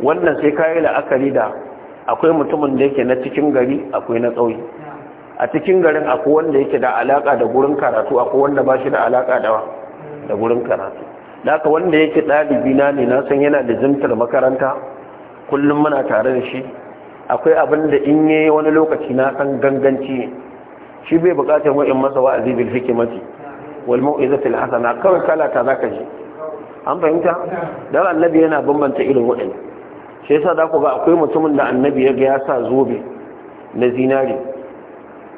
wannan sai kayi la'akari da akwai mutumin da yake na cikin gari akwai na ƙauye a cikin garin akwai wanda yake da alaka da gurin karatu akwai wanda ba shi da alaka da da gurin karatu da wanda yake ɗalibi na ne na san yana da zimtar makaranta kullum muna tare da shi akwai abin da in yi wani lokaci na san ganganci shi bai bukatar wa'in masa wa'azi bil hikimati wal mau'izati hasana kawai kala ta zaka ji an fahimta dan annabi yana bambanta irin waɗannan shi yasa da ku ga akwai mutumin da annabi ya ga ya sa zobe na zinari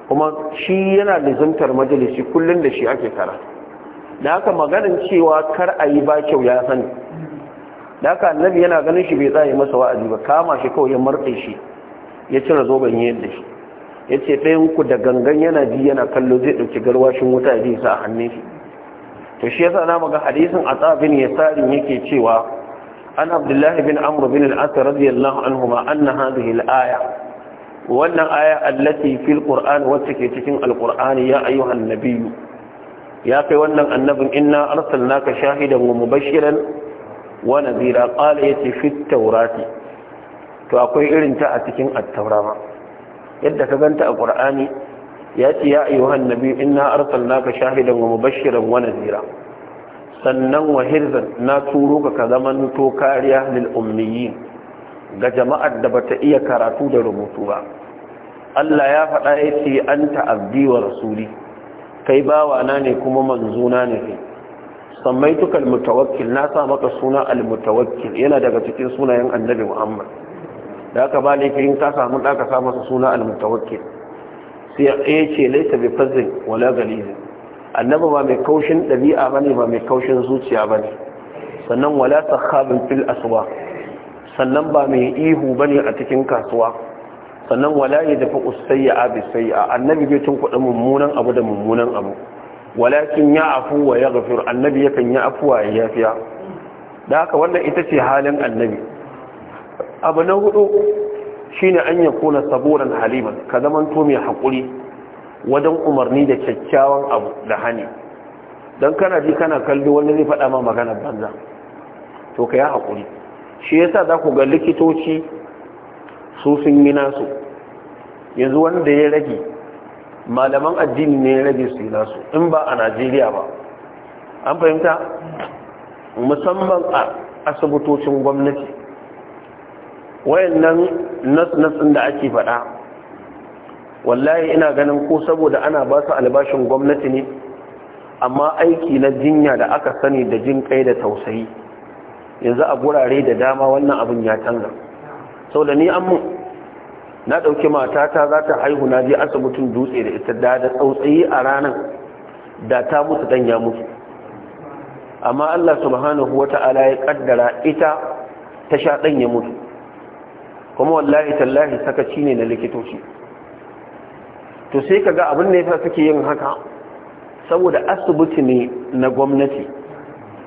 kuma shi yana lizantar majalisi kullum da shi ake kara da haka maganin cewa kar a yi ba kyau ya sani da haka annabi yana ganin shi bai tsaye masa wa'azi ba kama shi kawai ya martse shi ya cire zoben yadda shi ya ce ɗayan ku da gangan yana ji yana kallo zai ɗauki garwashin wuta ya sa a hannun shi to shi yasa na maga hadisin ata bin yasarin yake cewa an abdullahi bin amr bin al-as radiyallahu anhuma anna hadhihi al-aya wannan aya allati fil qur'an wacce ke cikin al-qur'ani ya ayyuhan nabiyyu ya kai wannan annabin inna arsalnaka shahidan wa mubashiran wa nadhira qala yati fit tawrati to akwai irin ta a cikin at-taurama yadda ka ganta a qur'ani ya ce ya ayyuhan nabi inna arsalnaka shahidan wa mubashiran wa hira. sannan wa hirzan na turo ka ka zaman to kariya lil ummiyin ga jama'ar da bata iya karatu da rubutu ba Allah ya faɗa ya ce an ta'abdi wa rasuli kai bawana na ne kuma manzuna ne kai sammaituka almutawakkil na sa maka suna almutawakkil yana daga cikin sunayen annabi Muhammad da aka ba laifin ka samu da ka sa masa suna almutawakkil sai ya ce laita bi fazil wala galiz annabi ba mai kaushin dabi'a bane ba mai kaushin zuciya bane sannan wala takhabin fil aswa sannan ba mai ihu bane a cikin kasuwa sannan wala yadfa usayya bi sayya annabi bai tun kudin mummunan abu da mummunan abu walakin afu wa yaghfir annabi yakan afu wa yafiya da haka wannan ita ce halin annabi abu na hudu shine an ya kuna saburan haliman ka zaman to mai haƙuri wajen umarni da kyakkyawan abu da hani don kana ji kana kallo wanda zai faɗa ma maganar banza to ka yi haƙuri shi yasa za ku ga likitoci su sun yi nasu yanzu wanda ya rage malaman addini ne ya rage su yi nasu in ba a najeriya ba an fahimta musamman a asibitocin gwamnati wayannan nas-nasin da ake faɗa wallahi ina ganin ko saboda ana ba su albashin gwamnati ne amma aiki na jinya da aka sani da jin kai da tausayi yanzu a gurare da dama wannan abin ya canza sau da ni an mun na ɗauki matata za ta haihu na je asibitin dutse da ita da da tsautsayi a ranar da ta mutu dan ya mutu amma Allah subhanahu wata'ala ya kaddara ita ta sha dan ya mutu kuma wallahi tallahi sakaci ne na likitoci to sai ka ga abin da ya suke yin haka saboda asibiti ne na gwamnati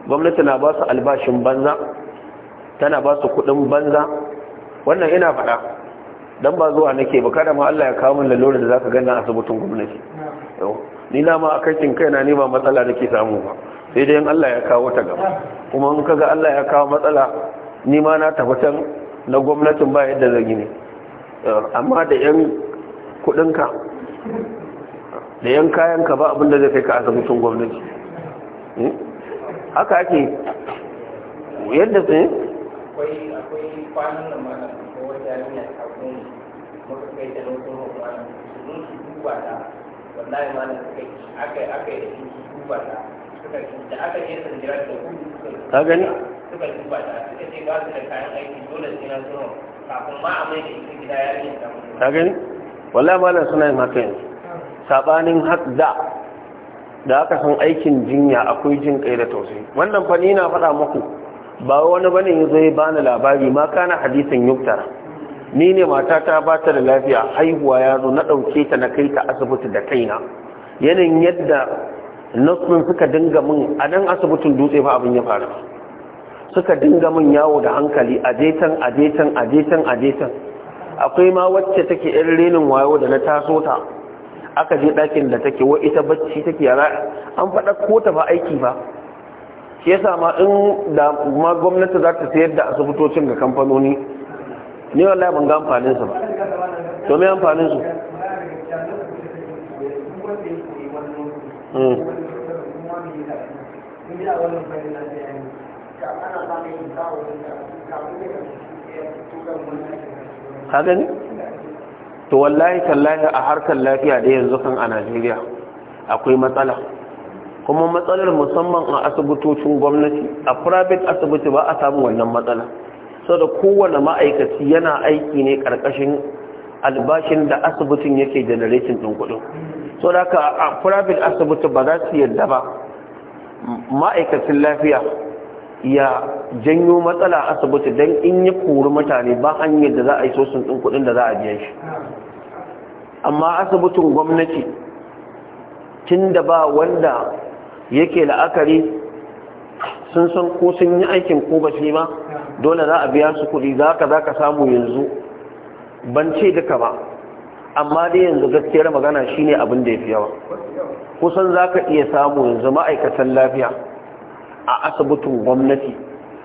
gwamnati na ba su albashin banza tana ba su kudin banza wannan ina faɗa don ba zuwa nake ba kada ma Allah ya kawo min lalura da zaka gana asibitin gwamnati ni na ma akakin kaina ne ba matsala nake samu ba sai dai in Allah ya kawo ta gaba kuma in kaga Allah ya kawo matsala ni ma na tabbatar na gwamnatin ba yadda zagi ne amma da yan kudinka da yan kayanka ba abinda zai kai ka asibitin gwamnati hmm? haka ake yadda tsaye eh? akwai kwanan da mana ko wajen yana kawo kuma muka kai da hukumar su duba ma da yi aka yi aka yi da su da aka yi da yi suka duba ta suka ce ba su da kayan aiki dole sai na zuwa kafin ma a mai da ita gida ya rage ta ka gani wallahi malam suna yin haka yanzu sabanin hadda da aka san aikin jinya akwai jin kai da tausayi wannan fa ni na faɗa muku ba wani bane ya zai bani labari ma kana hadisin yuktar ni ne ta ba ta da lafiya haihuwa ya zo na ɗauke ta na kai ta asibiti da kaina yanayin yadda nasu suka dinga min a nan asibitin dutse ba abin ya faru suka dinga mun yawo da hankali a jetan a jetan a jetan a jetan akwai ma wacce take yan renin wayo da na taso ta aka je ɗakin da take wa ita bacci take yara an faɗa ko ta ba aiki ba shi yasa ma in da ma gwamnati za ta sayar da asibitocin ga kamfanoni ne wallahi ban ga amfanin su ba to me amfanin su Mm. ka gani to wallahi tallahi a harkar lafiya da yanzu kan a Najeriya akwai matsala kuma matsalar musamman a asibitocin gwamnati a private asibiti ba a samu wannan matsala saboda kowane ma'aikaci yana aiki ne karkashin albashin da asibitin yake generating din kudin so da ka a private asibiti ba za su yadda ba ma'aikacin lafiya ya janyo matsala asibiti don in yi kori mutane ba hanyar da za a yi sosun ɗin kuɗin da za a biya shi amma asibitin gwamnati tun da ba wanda yake la'akari sun san ko sun yi aikin ko ba ba dole za a biya su kuɗi za ka za ka samu yanzu ban ce duka ba amma dai yanzu gaskiyar magana shine abin da ya fi yawa kusan za ka iya samu yanzu ma'aikatan lafiya a asibitin gwamnati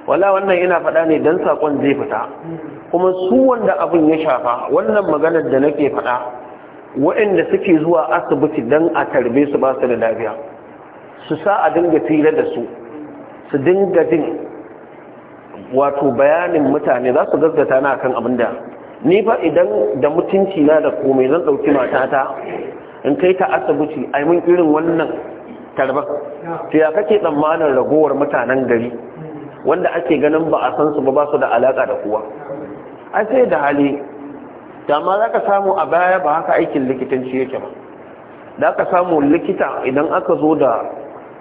wala wannan yana faɗa ne don saƙon zai fita kuma su wanda abin ya shafa wannan maganar da nake faɗa waɗanda suke zuwa asibiti don a tarbe su ba su da lafiya su sa a dinga fira da su su dinga jin wato bayanin mutane za su gaggata na kan abin da ni fa idan da mutunci na da komai zan ɗauki matata in kai ta asibiti ai mun irin wannan tarban to ya kake tsammanin ragowar mutanen gari wanda ake ganin ba a san su ba su da alaka da kowa A sai da hali da za ka samu a baya ba haka aikin likitanci yake ba da ka samu likita idan aka zo da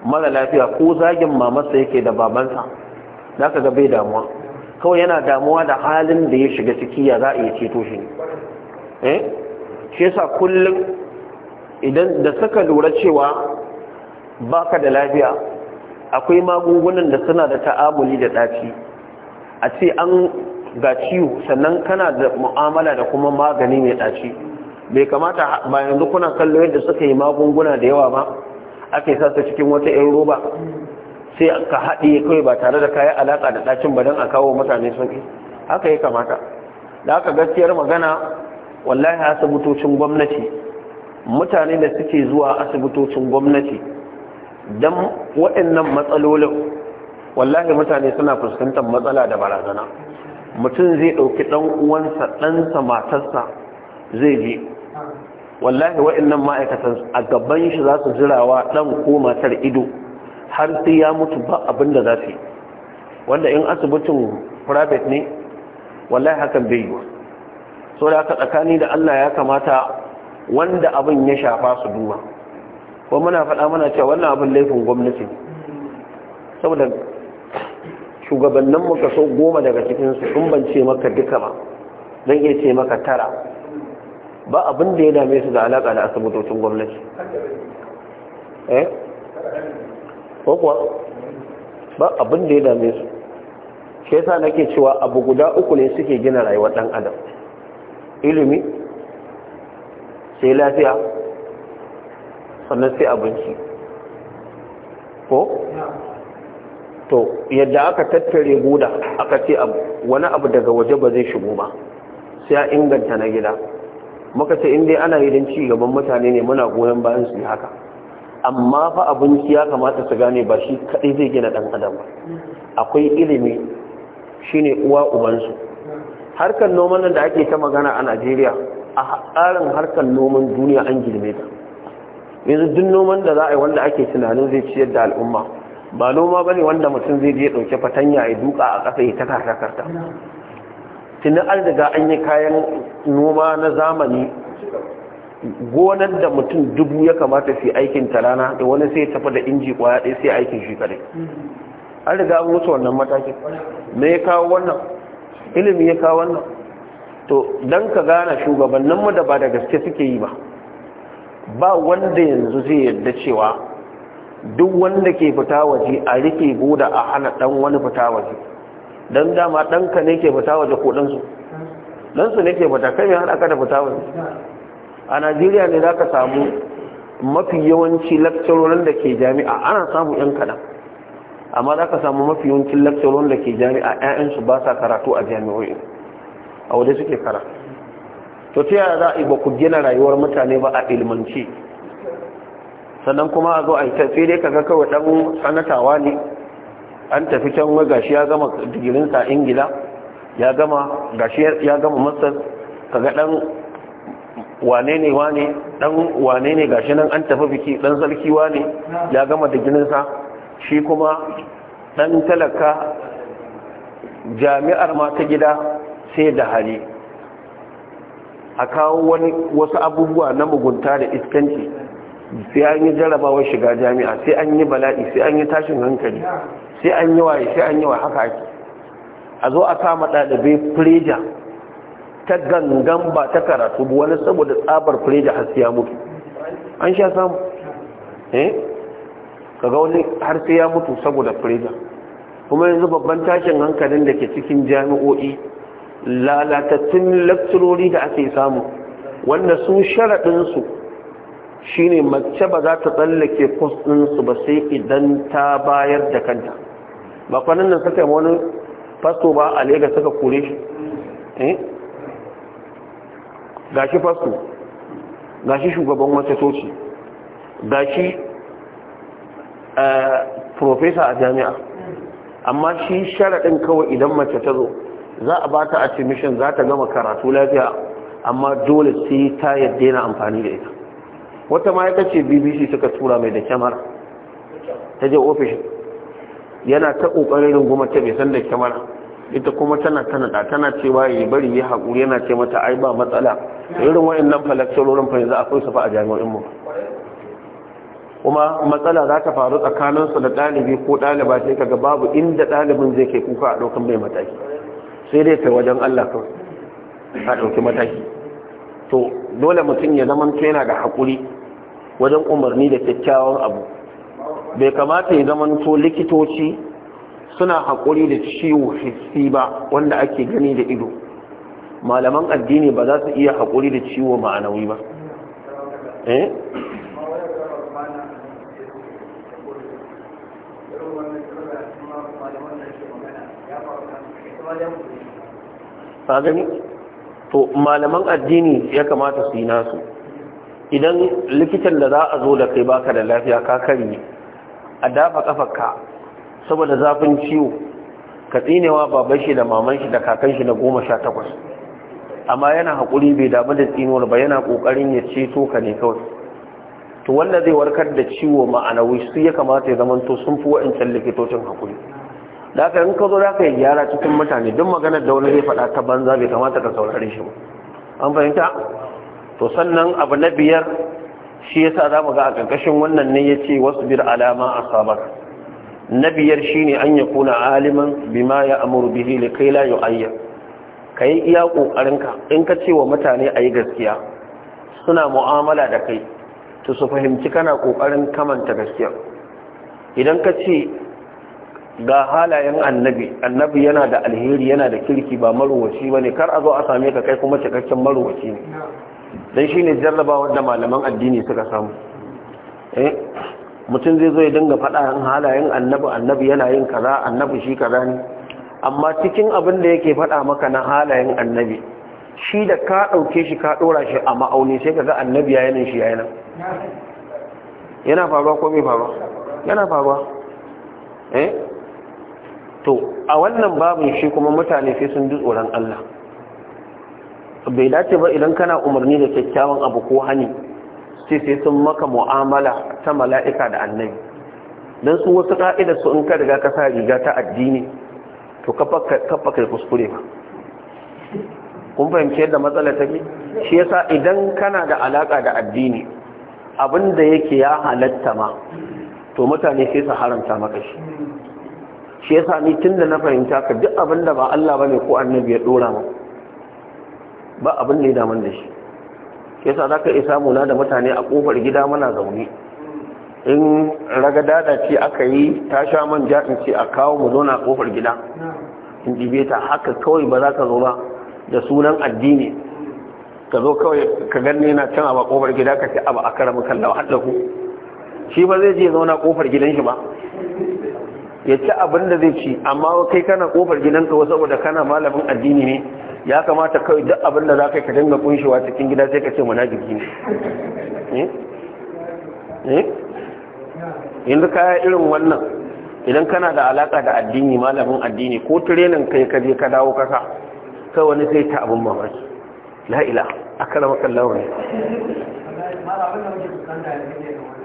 mara lafiya ko zagin mamarsa yake da babansa da ka ga bai damuwa kawai yana damuwa da halin da ya shiga ciki ya za a iya ceto shi eh shi yasa kullum idan da suka lura cewa baka da lafiya akwai magungunan da suna da ta'amuli da ɗaci a ce an ga ciwo sannan kana da mu'amala da kuma magani mai ɗaci bai kamata ba yanzu kuna kallo yadda suka yi magunguna da yawa ba ake sasa cikin wata 'yan roba sai ka haɗe kawai ba tare da kayan alaƙa da ɗacin ba don a kawo mutane sauƙi haka ya kamata da aka gaskiyar magana wallahi asibitocin gwamnati mutane da suke zuwa asibitocin gwamnati don waɗannan matsalolin wallahi mutane suna fuskantar matsala da barazana mutum zai ɗauki ɗan uwansa ɗansa matarsa zai je wallahi waɗannan ma'aikatan a gaban shi za su jirawa ɗan ko matar ido har sai ya mutu ba abin da za su yi wanda in asibitin private ne wallahi hakan bai yi so da haka tsakani da Allah ya kamata wanda abin ya shafa su duba ko muna faɗa mana cewa wannan abin laifin gwamnati saboda shugabannin muka so goma daga cikinsu sun bance maka duka ba zan iya ce maka tara ba abin da ya dame su da alaƙa da asibitocin gwamnati eh ko kuwa ba abin da ya dame su shi yasa nake cewa abu guda uku ne suke gina rayuwar ɗan adam ilimi sai lafiya sannan sai abinci ko to yadda aka tattare guda aka ce wani abu daga waje ba zai shigo ba sai ya inganta na gida muka ce in dai ana yi don ci gaban mutane ne muna goyon bayan su haka amma fa abinci ya kamata su gane ba shi kaɗai zai gina ɗan adam ba akwai ilimi shine uwa ubansu harkar noman da ake ta magana a najeriya a tsarin harkar noman duniya an girme ta yanzu duk noman da za a yi wanda ake tunanin zai ciyar da al'umma ba noma ba ne wanda mutum zai je ɗauke fatanya ya duka a ƙasa ya ta karta tunan an daga an yi kayan noma na zamani gonar da mutum dubu ya kamata su aikin talana da wani sai tafi da inji kwaya ɗaya sai aikin shi kadai an daga an mutu wannan matakin me ya kawo wannan ilimi ya kawo wannan to don ka gane shugabanninmu da ba da gaske suke yi ba ba wanda yanzu zai yarda cewa duk wanda ke fita waje a rike goda a hana dan wani fita waje dan dama danka ne ke fita waje ko dan su dan su ne ke fita kai mai hana ka da fita waje a Najeriya ne zaka samu mafi yawanci lakcarorin da ke jami'a ana samu yan kada amma zaka samu mafi yawancin lakcarorin da ke jami'a ƴaƴan su ba sa karatu a jami'o'i a waje suke karatu to ta yaya za a yi ba ku gina rayuwar mutane ba a ilmanci sannan kuma a zo a yi tafi dai kaga kawai ɗan sanatawa ne an tafi can gashi ya gama digirinsa a ingila ya gama gashi ya gama masar kaga ɗan wane ne wane ɗan wane ne gashi nan an tafi biki ɗan sarki wane ya gama digirinsa shi kuma ɗan talaka jami'ar ma ta gida sai da hali a kawo wasu abubuwa na mugunta da iskanci sai an yi jarabawar shiga jami'a sai an yi bala'i sai an yi tashin hankali sai an yi waye sai an yi wa haka ake a zo a kama ɗalibai fureja ta gangan ba ta karatu wani saboda tsabar fureja har sai ya mutu an sha samu eh ga wani har sai ya mutu saboda fureja. kuma yanzu babban tashin hankalin da ke cikin jami'o'i lalatattun lakturori da ake samu wanda su sharaɗinsu shi ne mace ba za ta tsallake ɗinsu ba sai idan ta bayar da kanta ba kwanan nan suka yi wani fasto ba a lega suka kure shi eh? ga shi fasto ga shi shugaban wata toci ga shi eh, profesa a jami'a amma shi sharaɗin kawai idan mace ta zo za a bata a ce mishin za ta gama karatu lafiya amma dole sai ta yadda yana amfani da ita wata ma ya ce bbc suka tura mai da kyamar ta je ofishin yana ta kokarin runguma ta bai san da kyamar ita kuma tana tana tana cewa ya bari ya haƙuri yana ce mata ai ba matsala irin waɗannan falakcirorin fa yanzu akwai su fa a jami'in mu kuma matsala za ta faru tsakaninsu da ɗalibi ko ɗaliba sai kaga babu inda ɗalibin zai ke kuka a ɗaukan mai mataki sai dai kai wajen Allah kan a ɗauki mataki to dole mutum ya zama yana da haƙuri wajen umarni da kyakkyawan abu bai kamata ya zama to likitoci suna haƙuri da ciwo hissi ba wanda ake gani da ido malaman addini ba za su iya haƙuri da ciwo ma'anawi ba eh ka gani to malaman addini ya kamata su yi nasu idan likitan da za a zo da kai baka da lafiya ka kari a dafa kafarka saboda zafin ciwo ka tsinewa baban shi da maman shi da kakan shi na goma sha takwas amma yana haƙuri bai damu da tsinuwar ba yana ƙoƙarin ya ce to ka ne kawai to wanda zai warkar da ciwo ma'anawai su ya kamata ya zamanto sun fi wa'ancan likitocin haƙuri da aka in ka zo za yi gyara cikin mutane duk maganar da wani zai faɗa ta banza bai kamata ka saurari shi ba an fahimta to sannan abu na biyar shi ya sa za mu ga a ƙarƙashin wannan ne ya ce wasu bir alama a sabar na biyar shi ne an ya kuna aliman bima ya amuru bihi da kai layu ayya ka yi iya ƙoƙarinka in ka ce wa mutane a yi gaskiya suna mu'amala da kai to su fahimci kana ƙoƙarin kamanta gaskiya idan ka ce ga halayen annabi annabi yana da alheri yana da kirki ba maruwaci ba ne, kar a zo a same ka kai kuma cikakken maruwaci ne dan ne jarraba da malaman addini suka samu eh mutum zai zo ya dinga faɗa halayen annabi annabi yana yin kaza annabi shi kaza ne amma cikin abin da yake faɗa maka na halayen annabi shi da ka ɗauke shi ka ɗora shi a ma'auni sai ka ga annabi yayin shi yayin yana faruwa ko bai faruwa yana faruwa eh to a wannan babin shi kuma mutane sai sun ji tsoron Allah bai dace ba idan kana umarni da kyakkyawan abu ko hani sai sai sun maka mu'amala ta mala'ika da annabi don su wasu ka'idar su in ka riga ka sa riga ta addini to ka ka kai kuskure ba kun fahimci yadda matsala take shi yasa idan kana da alaka da addini abinda da yake ya halatta ma to mutane sai su haramta maka shi shi yasa ni tunda na fahimta ka duk abin da ba Allah bane ko annabi ya dora ma ba abin ne da man da shi shi yasa zaka iya samu na da mutane a kofar gida mana zaune in raga dada ce aka yi ta sha manja in ce a kawo mu zauna a kofar gida in jibe ta haka kawai ba za ka zo ba da sunan addini ka zo kawai ka ganni na can a kofar gida ka ce abu a karamin kallawa haɗa ku shi ba zai je zauna kofar gidan shi ba ya ci abin da zai ci amma kai kana kofar gidanka wasu saboda kana malamin addini ne ya kamata kawai duk abin da za ka ka dinga kunshewa cikin gida sai ka ce jirgi ne eh? Eh? yanzu kaya irin wannan idan kana da alaka da addini malamin addini ko tirenin kai ka je ka dawo kasa kai wani sai ta abin mamaki la ila akala makallawa ne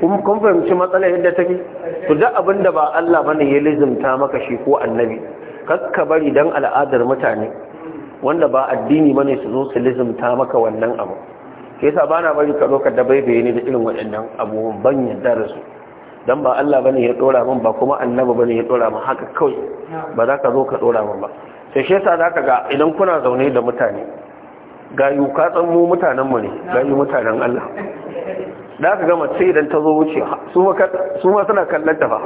kun fahimci matsalar yadda take to duk abin da ba Allah bane ya lizimta maka shi ko annabi kakka bari dan al'adar mutane wanda ba addini bane su zo su lizimta maka wannan abu ke yasa bana bari ka zo ka dabaibaye ni da irin waɗannan abubuwan ban yarda da su dan ba Allah bane ya dora min ba kuma annabi bane ya dora min haka kawai ba za ka zo ka dora min ba sai shi yasa zaka ga idan kuna zaune da mutane ga ka tsan mu mutanen mu ne yi mutanen Allah da aka gama sai idan ta zo wuce su ma suna kallon ta fa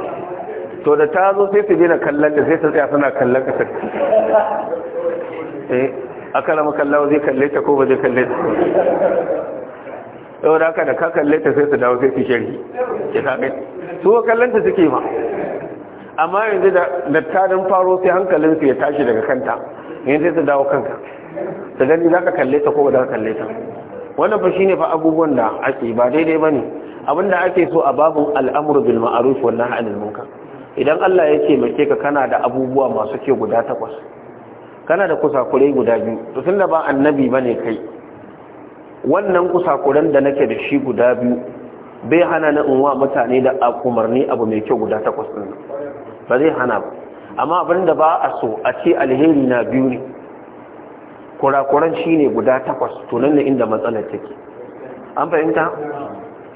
to da ta zo sai su daina kallon ta sai ta tsaya suna kallon ƙasar. A eh akala makallawa zai kalle ta ko ba zai kalle ta yau da aka da ka kalle ta sai su dawo sai su shari su ma kallon ta suke ma amma yanzu da dattarin faro sai hankalinsu ya tashi daga kanta yanzu sai su dawo kanka ta gani za ka kalle ta ko ba za ka kalle ta wannan fa shine fa abubuwan da ake ba daidai bane abinda ake so a babun al'amru bil ma'ruf wal nahy anil munkar idan Allah ya ce mace ka kana da abubuwa masu ke guda takwas kana da kusakure guda biyu to tunda ba annabi bane kai wannan kusakuren da nake da shi guda biyu bai hana na wa mutane da akumarni abu mai kyau guda takwas din ba zai hana ba amma abinda ba a so a ce alheri na biyu ne kurakuran ne guda takwas tunan da inda matsalar take an fahimta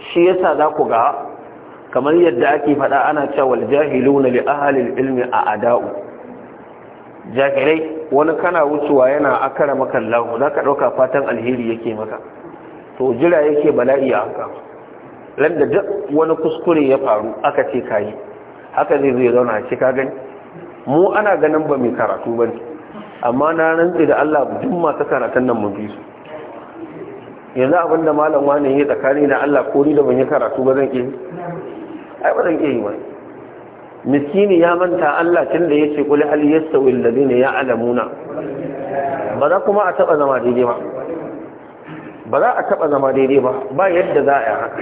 shi yasa za ku ga kamar yadda ake faɗa ana cewa jahilu li ahalin ilmi a ada'u jahilai wani kana wucewa yana akara maka lahu, za ka ɗauka fatan alheri yake maka to jira yake bala'i a haka landa duk wani kuskure ya faru aka ce kayi haka zai zai zauna shi ka gani mu ana ganin ba mai karatu ba ne amma na rantsi da Allah duk masu karatun nan mu bi su yanzu abinda malam wani ya tsakani na Allah ko ni da ban yi karatu ba zan iya ai ba zan iya yi wani miskini ya manta Allah tun da ya ce kuli hal yastawi ya alamuna ba za kuma a taba zama daidai ba ba za a taba zama daidai ba ba yadda za a yi haka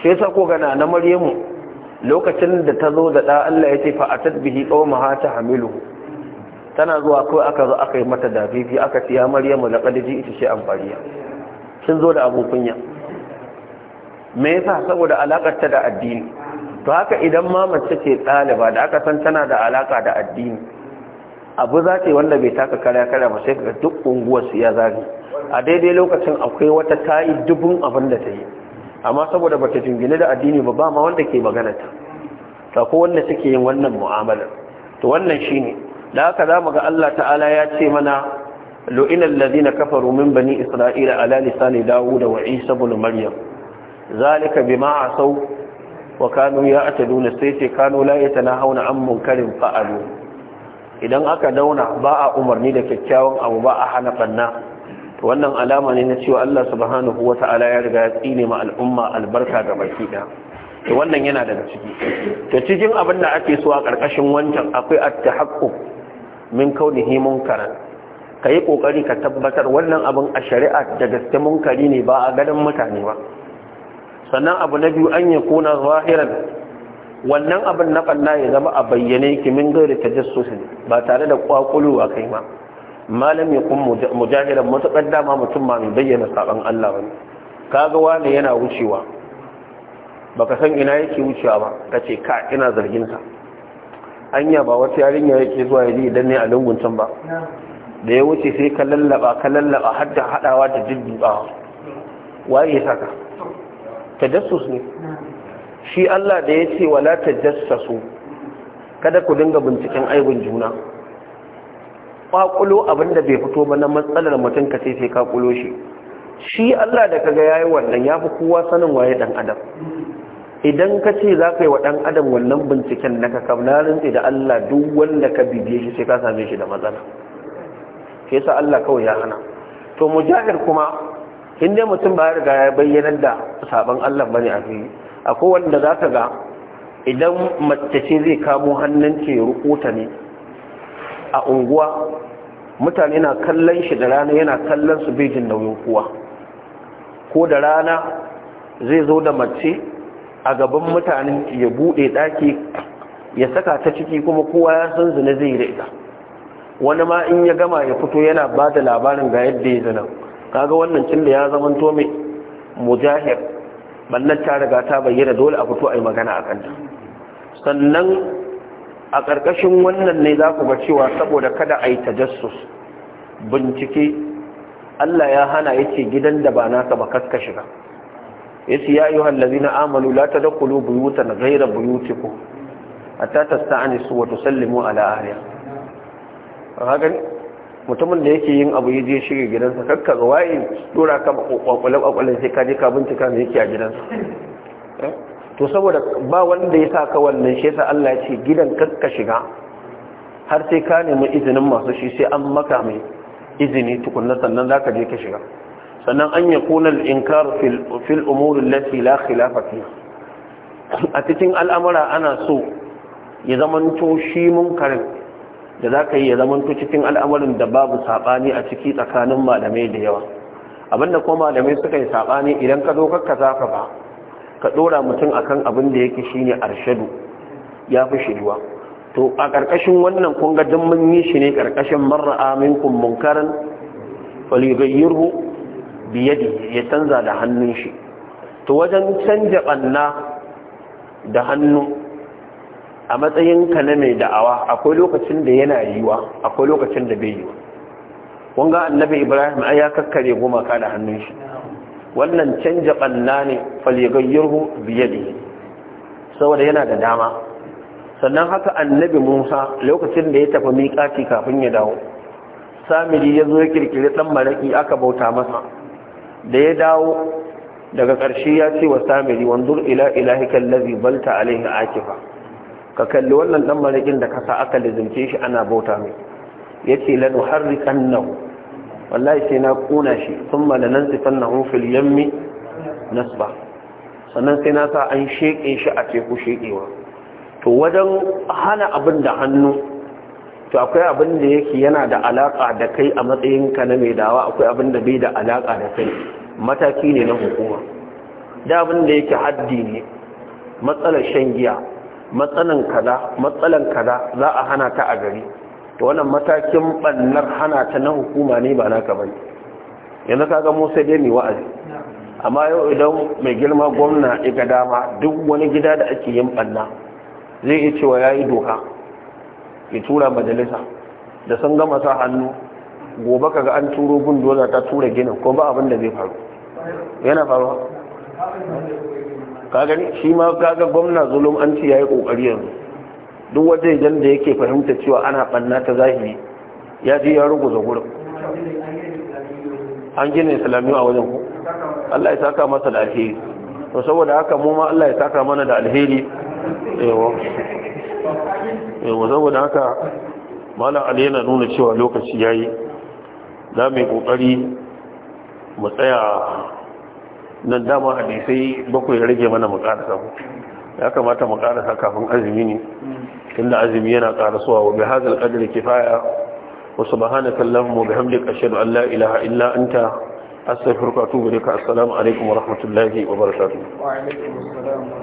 shi yasa ko gana na Maryamu lokacin da ta zo da ɗa Allah ya ce fa atadbihi qawmaha hamilu tana zuwa ko aka zo aka yi mata dafifi aka ce ya maryamu na ƙadiji ita ce amfariya sun zo da abu me yasa saboda alakar ta da addini to haka idan ma mace ce ɗaliba da aka san tana da alaka da addini abu za wanda bai taka kara kara ba sai ga duk unguwar su ya zagi a daidai lokacin akwai wata tayi dubun abin da ta yi amma saboda bata jingine da addini ba ba ma wanda ke magana ta ta ko wanda suke yin wannan mu'amalar to wannan shine da haka za mu ga Allah ta'ala ya ce mana lu'inal ladina kafaru min bani isra'ila ala lisani dawud wa isa ibn maryam zalika bima asau wa kanu ataduna, sai ce kanu la yatanahawna an munkarin fa'alu idan aka dauna ba a umarni da kyakkyawan abu ba a hana banna wannan alama ne na cewa Allah subhanahu wa ta'ala ya riga ya tsine ma al'umma albarka ga baki da to wannan yana daga ciki to cikin abin da ake so a karkashin wancan akwai at-tahaqquq min kaunihi munkaran ka yi ƙoƙari ka tabbatar wannan abin a shari'a da gaske munkari ne ba a ganin mutane ba sannan abu na biyu an yi zahiran wannan abin na ɓanna ya zama a bayyane ki min gairi ta jasusin ba tare da ƙwaƙulu a kai ma malam ya kun mujahiran matuƙar dama mutum ma mai bayyana saɓan allah ba kaga wani yana wucewa baka san ina yake wucewa ba kace ka ina zarginsa Hanya ba wata yarinya yake zuwa ya ji idan ne a lungun can ba da ya wuce sai ka lallaba ka lallaba har da hadawa da jiddubawa waye saka tajassus ne shi Allah da ya ce wala tajassasu kada ku dinga binciken aibin juna kwakulo abinda bai fito ba na matsalar mutum ka sai sai ka shi shi Allah da kaga yayi wannan ya fi kowa sanin waye dan adam idan ka ce za ka yi wa ɗan adam wannan binciken na kakam na da Allah duk wanda ka bibiye shi sai ka same shi da matsala Ke sa Allah kawai ya hana to mujahir kuma inda mutum ba riga ya bayyanar da sabon Allah bane a fili akwai wanda za ka ga idan mace zai kamo hannun ce rukuta ne a unguwa mutane na kallon shi da rana yana kallon su bejin nauyin kuwa ko da rana zai zo da mace a gaban mutane ya bude daki ya saka ta ciki kuma kowa ya san zina zai rika wani ma in ya gama ya fito yana ba da labarin ga yadda ya zina kaga wannan cin da ya zama to mai mujahir ballar ta riga ta bayyana dole a fito a magana a kanta sannan a ƙarƙashin wannan ne za ku ga cewa saboda kada a yi tajassus bincike Allah ya hana yake gidan da ba naka ba kaska shiga yace ya ayyuhal ladina amanu la tadkhulu buyutan ghayra buyutikum hatta tasta'nisu wa tusallimu ala ahliha haka mutumin da yake yin abu yaje shiga gidansa kakka ga waye dora ka kwakwale kwakwale sai ka je ka bincika me yake a gidansa eh? to saboda ba wanda ya saka wannan shi yasa Allah ya ce gidan kakka shiga har sai ka nemi izinin masu shi sai an maka mai izini tukunna sannan zaka je ka shiga sannan an ya kunan inkar fil umurin lati la khilafa a cikin al'amura ana so ya zamanto shi munkarin da za ka yi ya zamanto cikin al'amarin da babu saɓani a ciki tsakanin malamai da yawa abinda kuma malamai suka yi saɓani idan ka zo kakka za ka ba ka ɗora mutum akan abin da yake shi ne arshadu ya fi shiruwa to a ƙarƙashin wannan kun ga mun yi shi ne ƙarƙashin marra aminkun munkarin faligayyarhu biyadi ya canza da hannun shi to wajen canja banna da hannu a matsayin ka na mai da'awa akwai lokacin da yana yiwa akwai lokacin da bai yiwa wanga annabi ibrahim ai ya kakkare gumaka da hannun shi wannan canja banna ne falgayyarhu biyadi saboda yana da dama sannan haka annabi musa lokacin da ya tafi miƙaci kafin ya dawo samiri ya zo ya kirkiri ɗan maraƙi aka bauta masa da ya dawo daga ƙarshe ya ce wa samiri wanzur ila ilahika allazi balta alaihi akifa ka kalli wannan dan marakin da ka sa aka lizince shi ana bauta mai yace la nuharriqannahu wallahi sai na kuna shi thumma lanansifannahu fil yammi nasba sannan sai na sa an sheke shi a teku shekewa to wajen hana abin da hannu to akwai abin da yake yana da alaka da kai a matsayin ka na mai dawa akwai abin da bai da alaka da kai mataki ne na hukuma da abin da yake haddi ne matsalar shan giya matsalan kaza matsalan kaza za a hana ta a gari to wannan matakin bannar hana ta na hukuma ne ba naka bane yanzu kaga mu sai dai ni wa'azi amma yau idan mai girma gwamna iga ga dama duk wani gida da ake yin banna zai iya cewa yayi doka ya tura majalisa da sun gama sa hannu gobe kaga an turo gundoza ta tura ginin ko ba abin da zai faru yana faruwa ka gani shi ma kaga gwamna zulum an ci yayi kokari yanzu duk wajejen da yake fahimta cewa ana banna ta zahiri ya je ya ruguza gurin an gina islamiyu a wajen ku Allah ya saka masa da alheri to saboda haka mu ma Allah ya saka mana da alheri yawa yau saboda haka malam ali yana nuna cewa lokaci ya yi za mai yi ƙoƙari mu tsaya nan dama hadisai bakwai rage mana mu ƙarasa ya kamata mu ƙarasa kafin azumi ne inda azumi yana ƙarasuwa wa bi hazal qadri kifaya wa subhanaka allahumma wa bihamdika ashhadu an la ilaha illa anta astaghfiruka wa assalamu alaikum wa rahmatullahi wa barakatuh